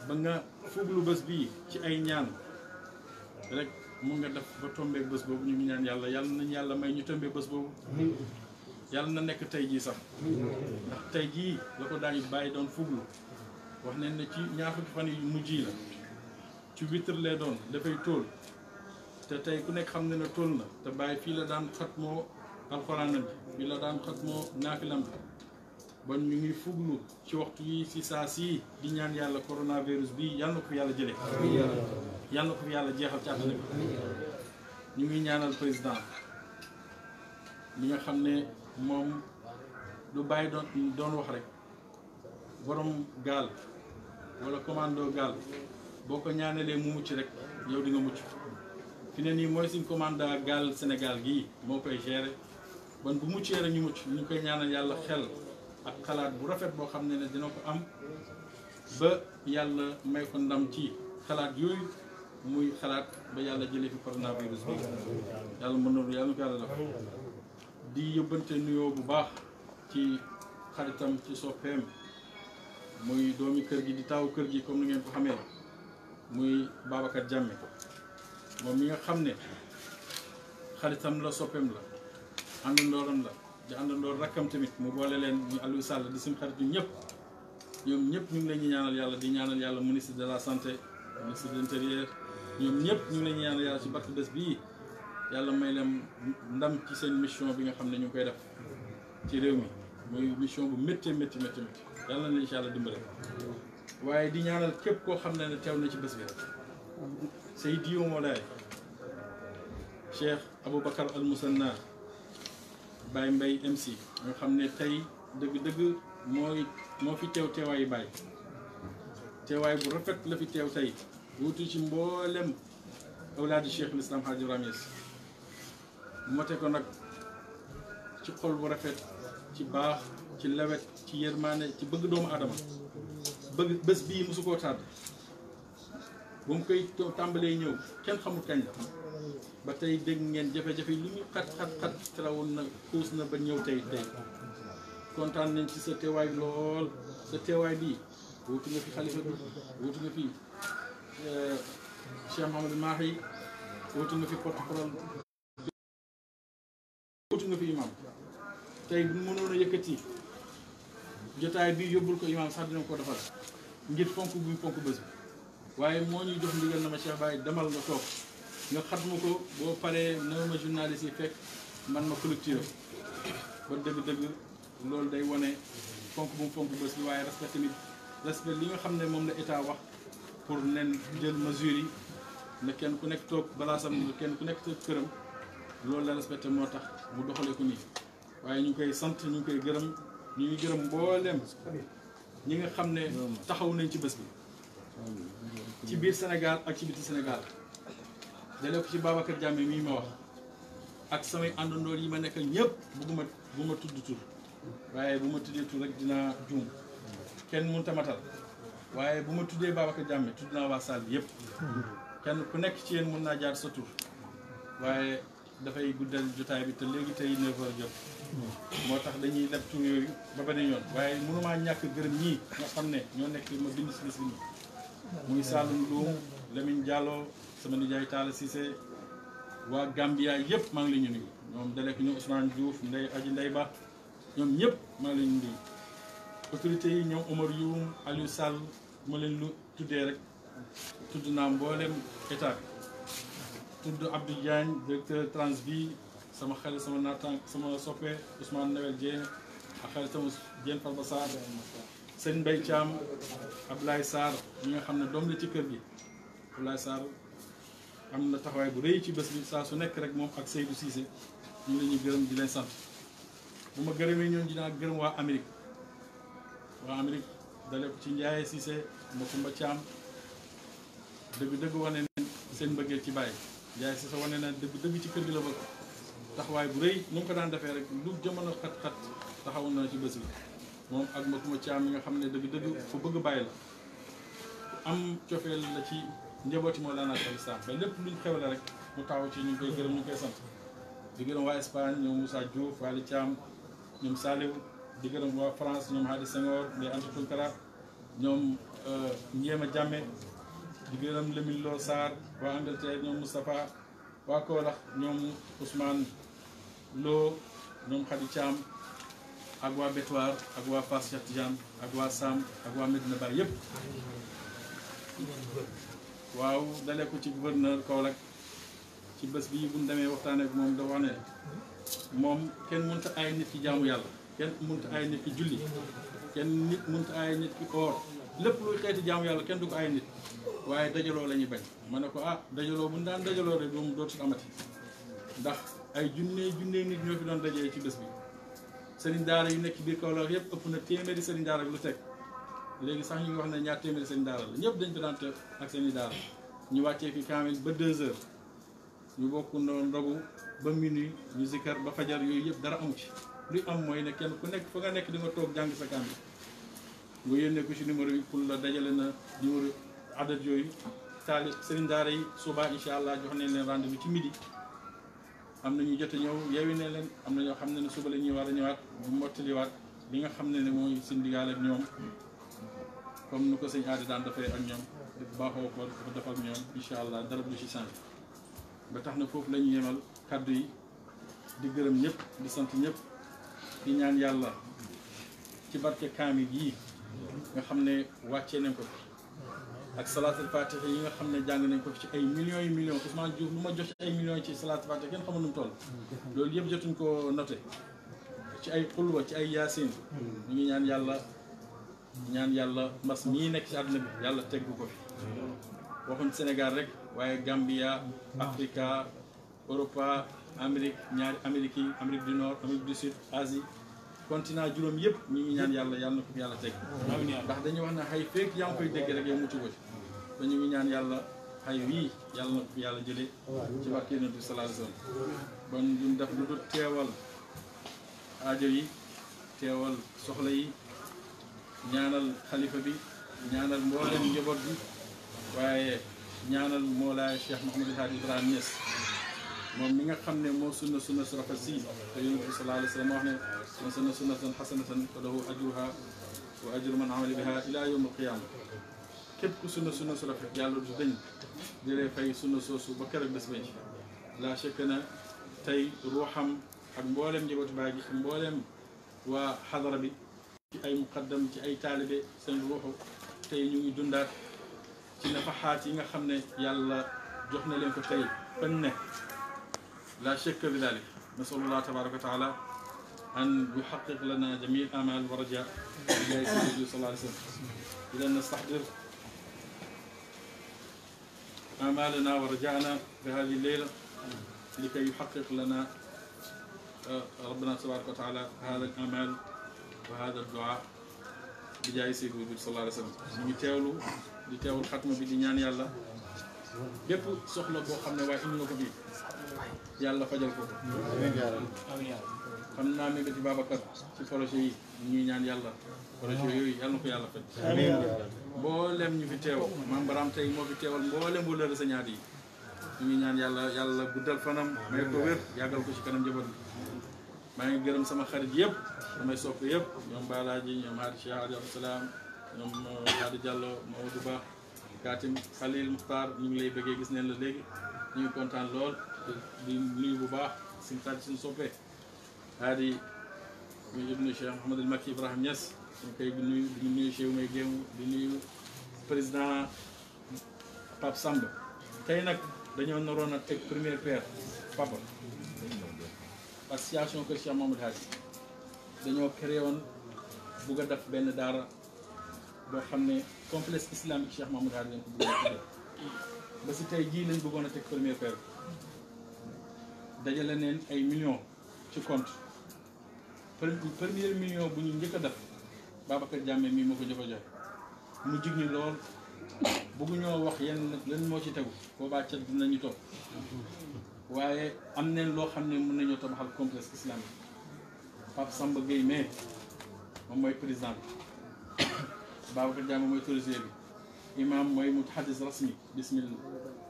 ba nga fuglu bés bii ci ay ñaan rek mun nga def ba tombee bés boobu ñu ngi ñaan yàlla yàlla nañ yàlla may ñu tombee bés boobu yàlla na nekk tey jii sax ndax tey jii la ko daañu bàyyi doon fuglu wax nañ ne ci ñaar fukki fan yu mujj yi la ci witr lay doon dafay tóol te tey ku nekk xam ne ne toll na te bàyyi fii la daan xatmoo alxuraanam bi fii la daan xatmoo naafilam bi bon ñu ngi fuglu ci waxtu yi si saa si di ñaan yàlla coronavirus bi yàlla na ko yàlla jëlee yàlla yàlla jeexal ci àdduna bi ñu ngi ñaanal président li nga xam ne moom lu bàyyi doon doon wax rek borom gaal wala commando gaal boo ko ñaanalee mu mucc rek yow di nga mucc fi ne nii mooy suñ commandant gaal Sénégal gii moo koy gérer bon bu muccee rek ñu mucc ñu ngi koy ñaanal yàlla xel ak xalaat bu rafet boo xam ne ne dina ko am ba yàlla may ko ndam ci xalaat yooyu muy xalaat ba yàlla jëlee fi coronavirus bi yàlla mën na yàlla ko yàlla def di yóbbante nuyoo bu baax ci xaritam ci soppeem muy doomi kër gi di taaw kër gi comme ni ngeen ko xamee muy Babacar Diame moom mi nga xam ne xaritam la soppeem la àndandooram la di àndandoor rakkam tamit mu boole leen ñu Aliou sàll di suñu xarit ñu ñëpp ñoom ñëpp ñu ngi leen ñaanal yàlla di ñaanal yàlla ministre de la santé ministre de l'intérieur ñoom ñëpp ñu ngi leen ñu ñaanal yàlla ci barke bés bii yàlla may leen ndam ci seen mission bi nga xam ne ñu ngi koy def ci réew mi muy mission bu métti métti métti métti yàlla na incha allah dimbale waaye di ñaanal képp koo xam ne na سيدي ومولاي Cheikh Aboubacar Al Moussanna Baye Mbaye MC nga xam ne tey dëgg-dëgg mooy moo fi teew teewaayu Baye teewaay bu rafet la fi teew tey wutu ci mboolem awlaadi Cheikh l'Islam Hadj Ramis mote ko nag ci xol bu rafet ci baax ci lawet ci yërmaane ci bëgg doomu aadama bëgg bés bii mosu koo tàdd ba mu koy tàmbalee ñëw kenn xamul kañ ba tey dégg ngeen jafe-jafe lu ñu xat xat xat trawul na xuus na ba ñëw tey tey kontaan nañ ci sa teewaay lool sa teewaay bii wutu nga fi xalifa bi wutu nga fi eh, Cheikh Mahamadou Mahi wutu nga fi porte-parole wutu nga fi imam tey bu mënoon a yëkkati jotaay bi yóbbul ko imam sax dina ko defal ngir fonk bu fonk bés waaye moo ñuy jox ndigal na ma Cheikh Baye demal nga toog nga xat ma ko boo paree na ma journaliste yi fekk man ma collecteur ba dëgg-dëgg loolu day wane fonk bu mu fonk bés bi waaye respect tamit respect li nga xam ne moom la état wax pour nen jël mesures yi na kenn ku nekk toog balaasam na kenn ku nekk toog këram loolu la respecté moo tax mu doxalee ko nii waaye ñu koy sant ñu ngi koy gërëm ñu ngi gërëm mbooleem ñi nga xam ne taxaw nañ ci bés bi ci biir Sénégal ak ci biti Sénégal dalee ci Babacar Diame mii ma wax ak samay àndandoo yi ma nekk ñëpp bugguma bu ma tudd tur waaye bu ma tuddee tur rek dina juum kenn mënut a waaye bu ma tuddee Babacar Diame tudd naa waa Sall yëpp kenn ku nekk ci yéen mën naa jaar sa tur waaye dafay guddal jotaay bi te léegi tey neuf jot moo tax dañuy leb tur yooyu ba beneen yoon waaye mënumaa ñàkk gërëm ñii ñoo xam ne ñoo nekk ma bind si bis bi muy Saloum Loum Lamine Diallo sama nijaay Talla Cissé waa Gambia yëpp maa ngi leen ñu nuyu ñoom dalek ñu Ousmane Ndey Aji Ndey Ba ñoom ñëpp maa ngi leen ñu yi ñoom Omar Youm Aliou Sall ma leen lu tuddee rek tudd naa mboolem état bi tudd Abdou Diagne directeur trans bi sama xarit sama naatan sama soppe Ousmane Nawel Dieng ak xarit sama Dieng Farba seen mbay Mbaye Thiam Abdoulaye Sarr ñi nga xam ne doom la ci kër gi Abdoulaye Sarr am na taxawaay bu rëy ci bés bi saa su nekk rek moom ak Seydou Cissé ñu la ñuy gërëm di leen sant bu ma gërëmee ñoom dinaa gërëm waa Amérique waa Amérique dale ko ci Ndiaye Cissé Makumba Thiam dëgg-dëgg wane ne seen mbëggeel ci bàyyi Ndiaye Cissé wane na dëgg-dëgg ci kër gi la bëgg taxawaay bu rëy nu mu ko daan defee rek lu jamono xat-xat taxaw na ci bés bi moom ak Macoumba Thiam mi nga xam ne dëgg-dëgg fa bëgg bàyyi la am cofeel la ci njabooti moo daanaka tamit saa ba lépp luñ xewle rek mu taxaw ci ñu ngi koy gërëm ñu ngi koy sant di gërëm waa Espagne ñoom Moussa Diouf Waly Thiam ñoom Saliou di gërëm waa France ñoom Hadi Senghor les Anta Tounkara ñoom euh, Ndiéma Diamé di gërëm Lamine Lo Sarr waa Angleterre ñoom Moustapha waa Kaolack ñoom Ousmane Lo ñoom Khady Thiam. ak waa Bétoir ak waa Fass Cheikh Tidiane ak waa Sam ak waa Medina Baye yëpp waaw dalee ko ci gouverneur Kaolack ci bés bi bu ñu demee waxtaanee ak moom da wax moom kenn mënut a aay nit ki jaamu yàlla kenn mënut ay aay nit ki julli kenn nit mënut a aay nit ki oor lépp luy xeeti jaamu yàlla kenn du ko ay nit waaye dajaloo la ñuy bañ ma ne ko ah dajaloo bu ñu daan dajaloo rek moom dootul amati ndax ay junne junne nit ñoo fi doon dajee ci bés bi. sëriñ daara yu nekk biir Kaolack yëpp ëpp na téeméeri sëriñ daara ak lu teg léegi sax ñu ngi wax na ñaar téeméeri sëriñ daara la ñëpp dañ ko daan def ak seen i daara ñu wàccee fi kaamil ba deux heures ñu bokk noonu ndogu ba minuit ñu zikkar ba fajar yooyu yëpp dara amu ci luy am mooy ne kenn ku nekk fa nga nekk di nga toog jàng sa kaamil nga yónnee ko ci numéro yi pour la dajale na numéro adat yooyu taali sëriñ daara yi suba incha allah jox ne leen rendez-vous ci midi am na ñu jot a ñëw yeewi ne leen am na ñoo xam ne ne suba la ñuy war a ñëwaat ñu mottaliwaat li nga xam ne ne mooy seen digaal ak ñoom comme nu ko sëñ aada daan dafay ak ñoom baaxoo ko dafa def ak ñoom incha allah dara du ci changé ba tax na foofu lañuy ñu yemal kàddu yi di gërëm ñëpp di sant ñëpp di ñaan yàlla ci barke kaamil yii nga xam ne wàcce nañ ko fi ak salaatul fatix yi nga xam ne jàng nañ ko ci ay millions yi millions Ousmane Diouf ci ay millions ci nu mu toll loolu yëpp jotuñ ko noté ci ay xulwa ci ay yaasin ñu ñaan yàlla ñaan yàlla mbas mii nekk ci àdduna yàlla teggu ko fi rek waaye Gambia Africa Europa Amérique yi Amérique du Nord Amérique du Sud Asie continent juróom yëpp ñu ngi ñaan yàlla yàlla na ko fi yàlla teg ndax dañuy wax ne xay feek yaa ngi koy dégg rek yow mucc ko ci ba ñaan yàlla xayu yii yàlla na yàlla jëlee ci barke yonent bi sallallahu alayhi ban duñ def lu dul teewal aajo yi teewal soxla yi ñaanal xalifa bi ñaanal mboolem njaboot bi waaye ñaanal moolaay Cheikh Mouhamadou Hadi Ibrahima Niass moom mi nga xam ne moo sunna sunna su rafet si te yonent bi sallallahu alayhi wasallam wax ne man sunna sunnatan hasanatan falahu ajruha wa ajru man amila biha ila yawm al qiyama képp ku sunna sunna su rafet yàlla du dëñ di lay fay sunna soosu ba keroog bés ba laa chekk na tey ruuxam ak mbooleem njabootu baay gi ak mbooleem waa xadara bi ci ay muqaddam ci ay taalibe seen ruuxu tey ñu ngi dundaat ci nafaxaat yi nga xam ne yàlla jox na leen ko tey fan ne laa chekk bi daalik nasalullah tabaraka wa taala أن يحقق لنا جميع الآمال والرجاء بجاية النبي صلى الله عليه وسلم إذا نستحضر آمالنا ورجعنا بهذه الليلة لكي يحقق لنا ربنا تبارك وتعالى هذا الأمال وهذا الدعاء بجاي سيدنا النبي صلى الله عليه وسلم ñu teewlu di teewul xatma bi di ñaan yàlla bépp soxla boo xam ne waaye indi nga ko bii yàlla fajal ko xam naa mi nga ci Babacar ci projet yi ñuy ñaan yàlla projet yooyu yàlla na ko yàlla faj mboolem ñu fi teew maam Baraam tey moo fi teewal mboolem wala reseñaat yi ñu ngi ñaan yàlla yàlla guddal fanam may ko wér yàggal ko ci kanam njaboot maa ngi gërëm sama xarit yëpp samay sopp yëpp ñoom Balaaji ñoom Hadi Cheikh Hadi Abdou Salaam ñoom euh, Hadi Diallo Maodo Ba Katim Khalil Mukhtar ñu ngi lay bëggee gis neen la léegi ñu kontaan lool di nuyu bu baax suñu xarit suñu soppee Hadi ñu ibnu Cheikh Mouhamadul Makki Ibrahim Niass ñu koy di nuyu di nuyu Cheikh Oumé nuyu président Pape Samb tey nag dañoo naroon a teg première pierre Papa association Kër Cheikh Mamadou Hadji dañoo créé woon bugg a def benn daara boo xam ne complexe islamique Cheikh Mamadou Hadji lañ ko bugg a ba si tey jii lañ bëggoon a teg première pierre dajale neen ay millions ci compte premier million bu ñu njëkk a def Babacar Diame mii moo ko jëf a joxe mu jig ñu lool bëgguñoo wax yenn lan moo ci tegu boobaa cat dinañu topp waaye am neen loo xam ne mën nañoo tabaxal complexe islamique Pape Samba Gueye mais moom mooy président bi Babacar Diame mooy trésorier bi imam mooy mutahaddis rasmi bismil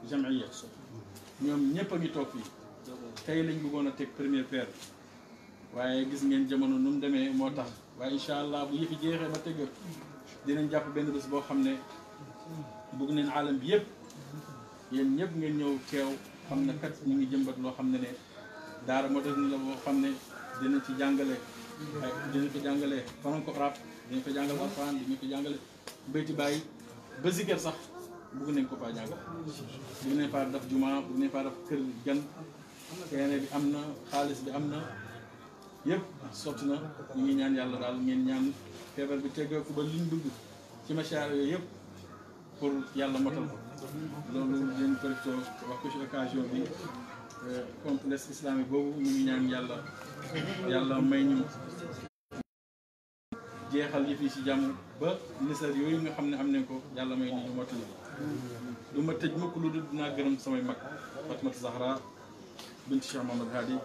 jamiya ñoom ñëpp a ngi toog fii tey lañ buggoon a teg première pierre waaye gis ngeen jamono nu mu demee moo tax waaye incha allah bu yëfi jeexee ba tëgg dinañ jàpp benn bés boo xam ne bëgg neen alam bi yëpp yéen ñëpp ngeen ñëw teew xam ne kat ñu ngi jëmbat loo xam ne ne daara moderne la boo xam ne dinañ ci jàngale ay dinañ ko jàngale franco arabe dinañ ko jàngale alxuraan dinañ ko jàngale bayti bàyyi ba zikar sax bëgg nañ ko faa jàngal bëgg nañ faa def juma bëgg nañ faa def kër gan teene bi am na xaalis bi am na yëpp sotti na ñu ngi ñaan yàlla daal ngeen ñaan feebar bi teggoo ko ba liñ bëgg ci machaar yooyu yëpp pour yàlla motal ko loolu leen përito wax ko ci occasion bi euh, complexe islamique boobu ñu ngi ñaan yàlla yàlla may ñu jeexal yi yi ci jàmm ba nisar yooyu nga xam ne am nañ ko yàlla may ñu mottali du ma tëj mukk lu dul dinaa gërëm samay mag Fatimata Zahra bint Cheikh Mamadou Hadi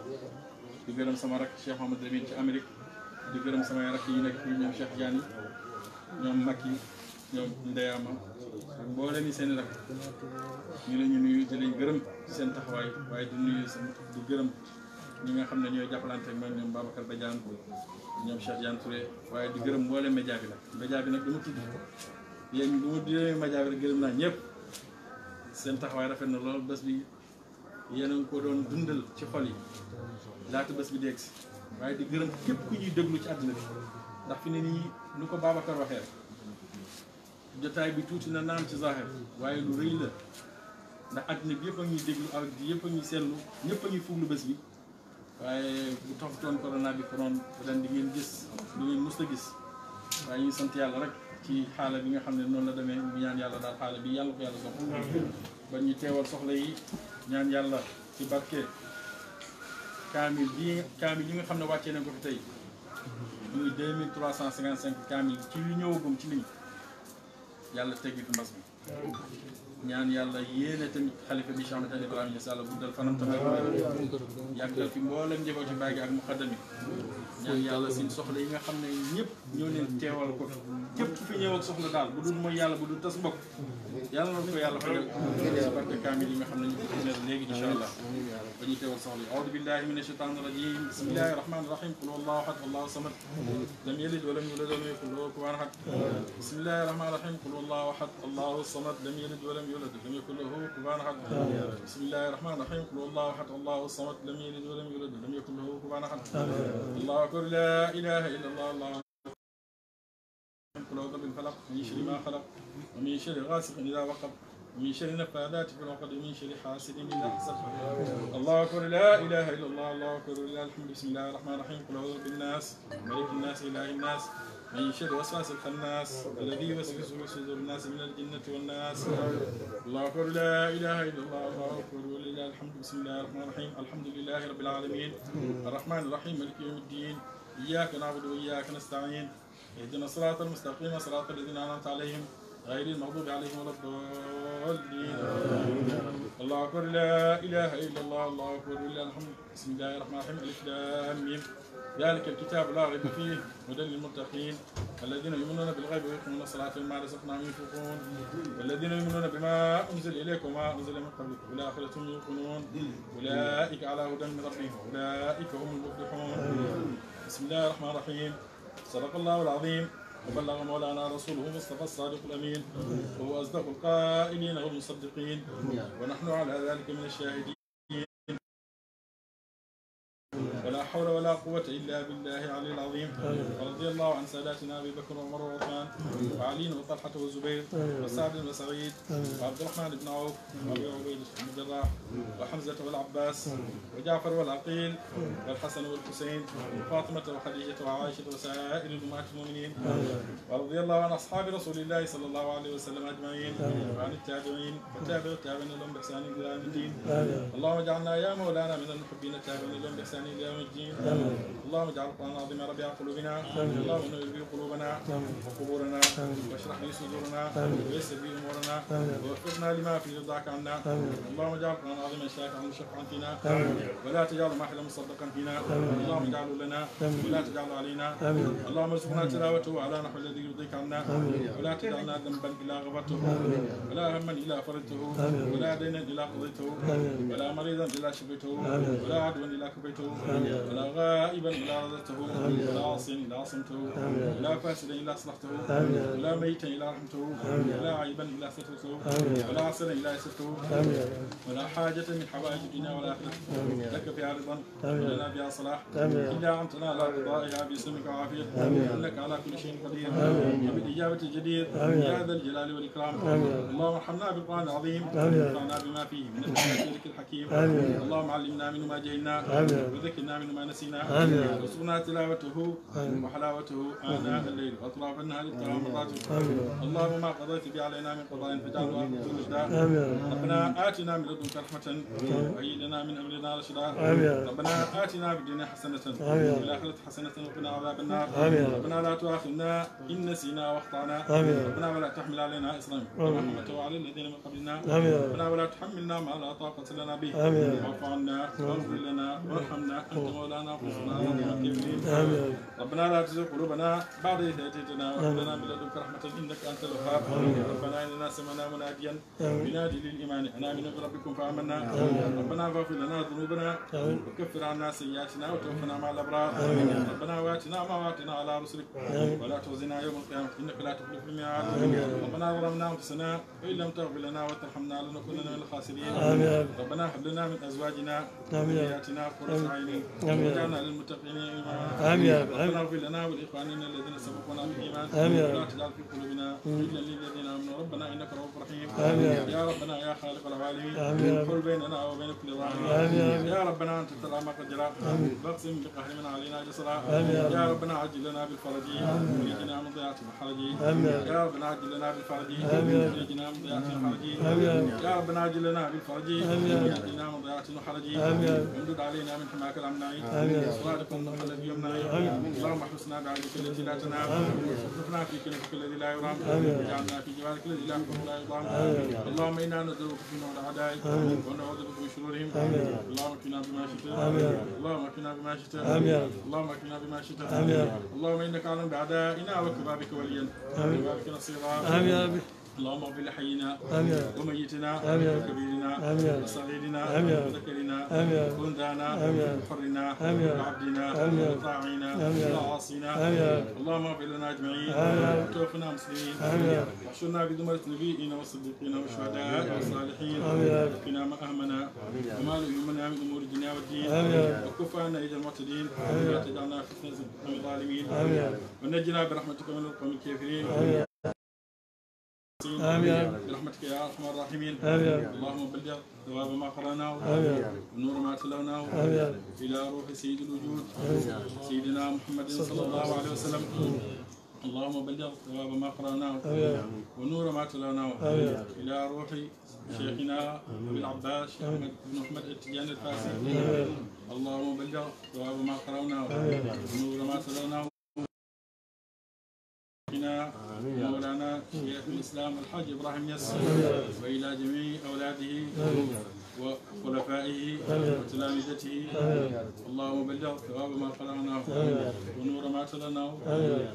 di gërëm sama rak Cheikh Mamadou Lamine ci Amérique di gërëm samay rak yi nekk fii ñoom Cheikh Diagne ñoom Macky ñoom Ndeyama mboolem yi seen rak ñu la ñu nuyu di gërëm seen taxawaay waaye di nuyu di gërëm ñi nga xam ne ñooy jàppalante ak ñoom Babacar Badiane ñoom Cheikh Diagne Touré waaye di gërëm mboolem média bi nag média bi nag dama tudd yéen bu ma dee média rek gërëm naa ñëpp seen taxawaay rafet na lool bés bi yéen ko doon dundal ci xol yi. laata bés bi di egsi waaye di gërëm képp ku ñuy déglu ci àddina bi ndax fi ne nii nu ko Babacar waxee jotaay bi tuuti na naan ci zaaxir waaye lu rëy la ndax àddina bi yëpp a ñuy déglu ak yëpp a ñuy seetlu ñëpp a ñuy fuglu bés bi waaye bu toppatoon corona ko konoon ren di ngeen gis lu ngeen mës a gis waaye ñuy sant yàlla rek ci xaala bi nga xam ne noonu la demee ñu ñaan yàlla daal xaala bi yàlla ko yàlla soxla ba soxla yi ñaan yàlla ci barke kaamil bii kaamil yi nga xam ne wàccee nañ ko fi tey muy deux mille trois cent cinquante cinq kaamil ci yu ñëwagum ci nit yàlla teggi fi mbas mi ñaan yàlla yéene tamit xalifa bi Cheikh Ahmed Ibrahima Niass yàlla fanam tamit yàggal fi mboolem njaboot ci bàyyi ak muqaddam yi ñaan yàlla seen soxla yi nga xam ne ñëpp ñoo leen teewal ko képp ku fi ñëw ak soxla daal bu dul mooy yàlla bu dul tas mbokk yàlla na ko yàlla fajal si yi nga xam ne ñu ko léegi incha allah ba ñu teewal soxla yi aoudu billahi min ashaitan irajim bismillahi rahmani rahim qul huwallahu ahad allahu samad lam yalid walam yulad walam yakun lahu kufuwan ahad bismillahi rahmani rahim qul huwallahu ahad allahu samad lam yalid walam yulad walam yakun lahu kufuwan ahad bismillahi rahmani rahim qul huwallahu ahad allahu samad lam yalid walam yulad walam yakun lahu kufuwan ahad allahu akbar la ilaha illa allah allah قل أعوذ بالفلق من شر ما خلق ومن شر غاسق إذا وقب من شر النفاذات في العقد من شر حاسد إذا حسد الله أكبر لا إله إلا الله الله أكبر لله الحمد بسم الله الرحمن الرحيم قل أعوذ بالناس ملك الناس إله الناس من شر وسواس الخناس الذي يوسوس في صدور الناس من الجنة والناس الله أكبر لا إله إلا الله الله أكبر ولله الحمد بسم الله الرحمن الرحيم الحمد لله رب العالمين الرحمن الرحيم مالك يوم الدين إياك نعبد وإياك نستعين اهدنا الصراط المستقيم صراط الذين أنعمت عليهم غير المغضوب عليهم ولا الضالين الله اكبر لا اله الا الله الله اكبر لله الحمد بسم الله الرحمن الرحيم الف لام ميم ذلك الكتاب لا ريب فيه هدى للمتقين الذين يؤمنون بالغيب ويقيمون الصلاة ومما رزقناهم ينفقون والذين يؤمنون بما أنزل إليك وما أنزل من قبلك والآخرة هم يوقنون أولئك على هدى من ربهم أولئك هم المفلحون بسم الله الرحمن الرحيم صدق الله العظيم وبلغ مولانا رسوله مصطفى الصادق الامين وهو اصدق القائلين والمصدقين ونحن على ذلك من الشاهدين حول ولا قوة إلا بالله العلي العظيم ورضي الله عن ساداتنا أبي بكر وعمر وعثمان وعلي وطلحة والزبير وسعد بن سعيد وعبد الرحمن بن عوف وأبي عبيد بن الجراح وحمزة والعباس وجعفر والعقيل والحسن والحسين وفاطمة وخديجة وعائشة وسائر أمهات المؤمنين ورضي الله عن أصحاب رسول الله صلى الله عليه وسلم أجمعين وعن التابعين والتابع التابعين لهم بإحسان إلى يوم الدين اللهم اجعلنا يا مولانا من المحبين التابعين لهم بإحسان إلى يوم الدين الرحيم اللهم اجعل القرآن العظيم ربيع قلوبنا اللهم نور به قلوبنا وقبورنا واشرح لي صدورنا ويسر به أمورنا ووفقنا لما فيه رضاك عنا اللهم اجعل القرآن العظيم شافعا مشفعا فينا ولا تجعل ماحلا مصدقا فينا اللهم اجعله لنا ولا تجعله علينا اللهم ارزقنا تلاوته على نحو الذي يرضيك عنا ولا تجعلنا ذنبا إلا غفرته ولا هما إلا فرجته ولا دينا إلا قضيته ولا مريضا إلا شفيته ولا عدوا إلا كفيته ولا غائبا إلا رددته ولا عاصيا إلا عصمته ولا فاسدا إلا أصلحته ولا ميتا إلا رحمته ولا عيبا إلا سترته ولا عسلا إلا يسرته ولا حاجة من حوائج الدنيا والآخرة لك فيها رضا ولنا بها صلاح إلا أنتنا على رضائها باسمك وعافية إنك على كل شيء قدير وبالإجابة الجدير يا ذا الجلال والإكرام اللهم ارحمنا بالقرآن العظيم وانفعنا بما فيه من الحكيم الحكيم اللهم علمنا منه ما جهلنا وذكرنا منه ما ما نسينا آمين وارزقنا تلاوته آمين وحلاوته آناء الليل وأطراف النهار ابتغى مرضاته آمين اللهم ما قضيت به علينا من قضاء فجعله رشدا آمين ربنا آتنا من لدنك رحمة وأيدنا من أمرنا رشدا آمين ربنا آتنا في الدنيا حسنة آمين وفي الآخرة حسنة وقنا عذاب النار آمين ربنا لا تؤاخذنا إن نسينا وأخطأنا آمين ربنا ولا تحمل علينا إصرا كما حملته على الذين من قبلنا آمين ربنا ولا تحملنا ما لا طاقة لنا به آمين واعف عنا واغفر لنا وارحمنا أنت مولانا لنا انفسنا امين ربنا لا تزغ قلوبنا بعد إذ هديتنا وهب لنا من لدنك رحمة إنك أنت الوهاب ربنا إننا سمعنا مناديا ينادي للإيمان أن آمنوا بربكم فآمنا ربنا فاغفر لنا ذنوبنا وكفر عنا سيئاتنا وتوفنا مع الأبرار ربنا وآتنا ما وعدتنا على رسلك ولا تخزنا يوم القيامة إنك لا تخلف الميعاد ربنا ظلمنا أنفسنا وإن لم تغفر لنا وترحمنا لنكونن من الخاسرين ربنا هب لنا من أزواجنا وذرياتنا قرة أعين آمين وجعلنا للمتقين إماما آمين يا رب آمين اغفر لنا ولإخواننا الذين سبقونا بالإيمان آمين يا رب لا تجعل في قلوبنا إلا للذين آمنوا ربنا إنك رؤوف رحيم آمين يا ربنا يا خالق العالمين آمين قل بيننا وبين كل ظالم آمين يا ربنا أنت ترى ما قد جرى واقسم بقهر من علينا جسرا آمين يا ربنا عجل لنا بالفرج ونجنا من ضيعة الحرج آمين يا ربنا عجل لنا بالفرج ونجنا من ضيعة الحرج آمين يا ربنا عجل لنا بالفرج ونجنا من ضيعة الحرج آمين امدد علينا من حماك الأمنعين سبحانك اللهم لا نبي لنا اللهم احرسنا بعد كل ذي لا تنام واحفظنا في كل كل ذي لا يرام واجعلنا في جوار كل ذي لا حكم لا يضام اللهم انا نسالك من اعدائك ونعوذ بك من شرورهم اللهم اكفنا بما شئت اللهم اكفنا بما شئت اللهم اكفنا بما شئت اللهم انك اعلم باعدائنا وكبابك وليا وكبابك نصيرا امين اللهم اغفر لحينا وميتنا وكبيرنا وصغيرنا وذكرنا وانثانا وحرنا وعبدنا وطاعنا وعاصنا اللهم اغفر لنا اجمعين وتوفنا مسلمين واحشرنا بزمرة نبينا والصديقين والشهداء والصالحين وقنا ما اهمنا وما لهمنا من امور الدنيا والدين وكف عنا اجل المعتدين ولا تجعلنا فتنة الظالمين ونجنا برحمتك من القوم الكافرين آمين برحمتك يا أرحم الراحمين آمين اللهم بلغ ثواب ما قرأناه آمين ونور ما تلوناه آمين إلى روح سيد الوجود سيدنا محمد صلى الله عليه وسلم اللهم بلغ ثواب ما قرأناه ونور ما تلوناه إلى روح شيخنا أبي العباس أحمد بن محمد التجاني الفاسي اللهم بلغ ثواب ما قرأناه ونور ما تلوناه شيخ الإسلام الحاج إبراهيم يس وإلى جميع أولاده وخلفائه وتلامذته اللهم بلغ ثواب ما قرأناه ونور ما تلناه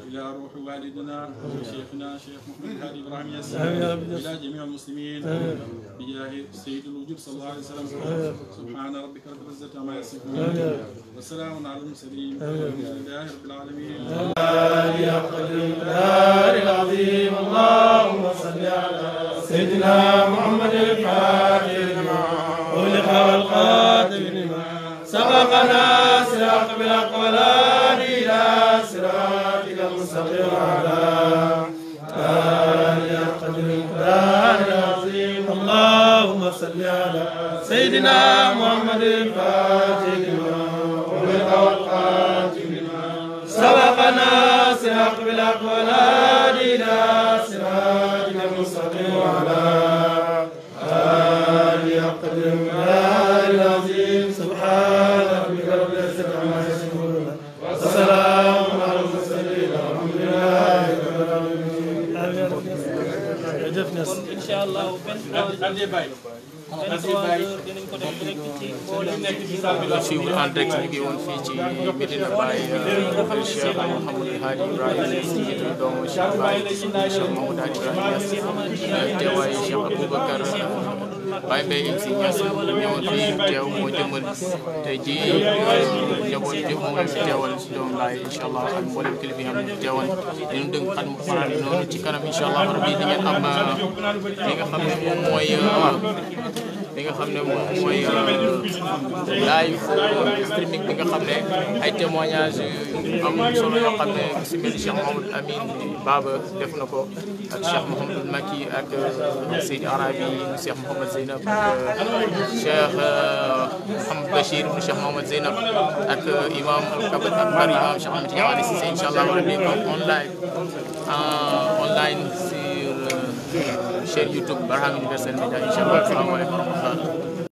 إلى روح والدنا وشيخنا شيخ محمد هادي إبراهيم ياسين إلى جميع المسلمين بجاه سيد الوجود صلى الله عليه وسلم سبحان ربك رب العزة عما يصفون وسلام على المرسلين والحمد لله رب العالمين يا قدر العظيم اللهم صل على سيدنا محمد الفاتح والخاتم لما سبقنا سراق بالحق ولا إلى صراطك المستقيم على آل قدر القرآن العظيم اللهم صل على سيدنا محمد الفاتح bàyyi. ñu suivre en direct ñu ngi woon fii ci Medina Baye euh, Cheikh Mouhamadou Hadi Ibrahima njiitu doomu Cheikh Baye Cheikh Mouhamadou Hadi Ibrahima euh, teewaayu Cheikh Aboubacar euh, Baye Mbaye El Hadj Niass ñëwoon fii teew moo jëmal tey jii euh, njaboot yëpp moo leen fi teewal doom laay incha allah ak mboolem kilifa yi am nañu fi teewal dinañu dégg xat mu faral noonu ci kanam incha allah rabbi di ngeen am euh, li nga xam ne moom mooy. Euh, nga xam ne moom mooy euh, live euh, streaming bi nga xam ne ay témoignages yu am solo yoo xam ne si mel ni Cheikh Mouhamadou Amine Baba def na ko ak Cheikh Mouhamadou Macky ak euh, Seydi Arabi mu Cheikh Mouhamadou Zeynab ak Cheikh Mouhamadou Bachir mu Cheikh Mouhamadou Zeynab ak imam Kabat ak par imam Cheikh Ahmed Tidiane Cissé incha allah war a nekk en live en online sur. chaîne YouTube Barham Universel Media incha allah asalaamaaleykum wa rahmatulah.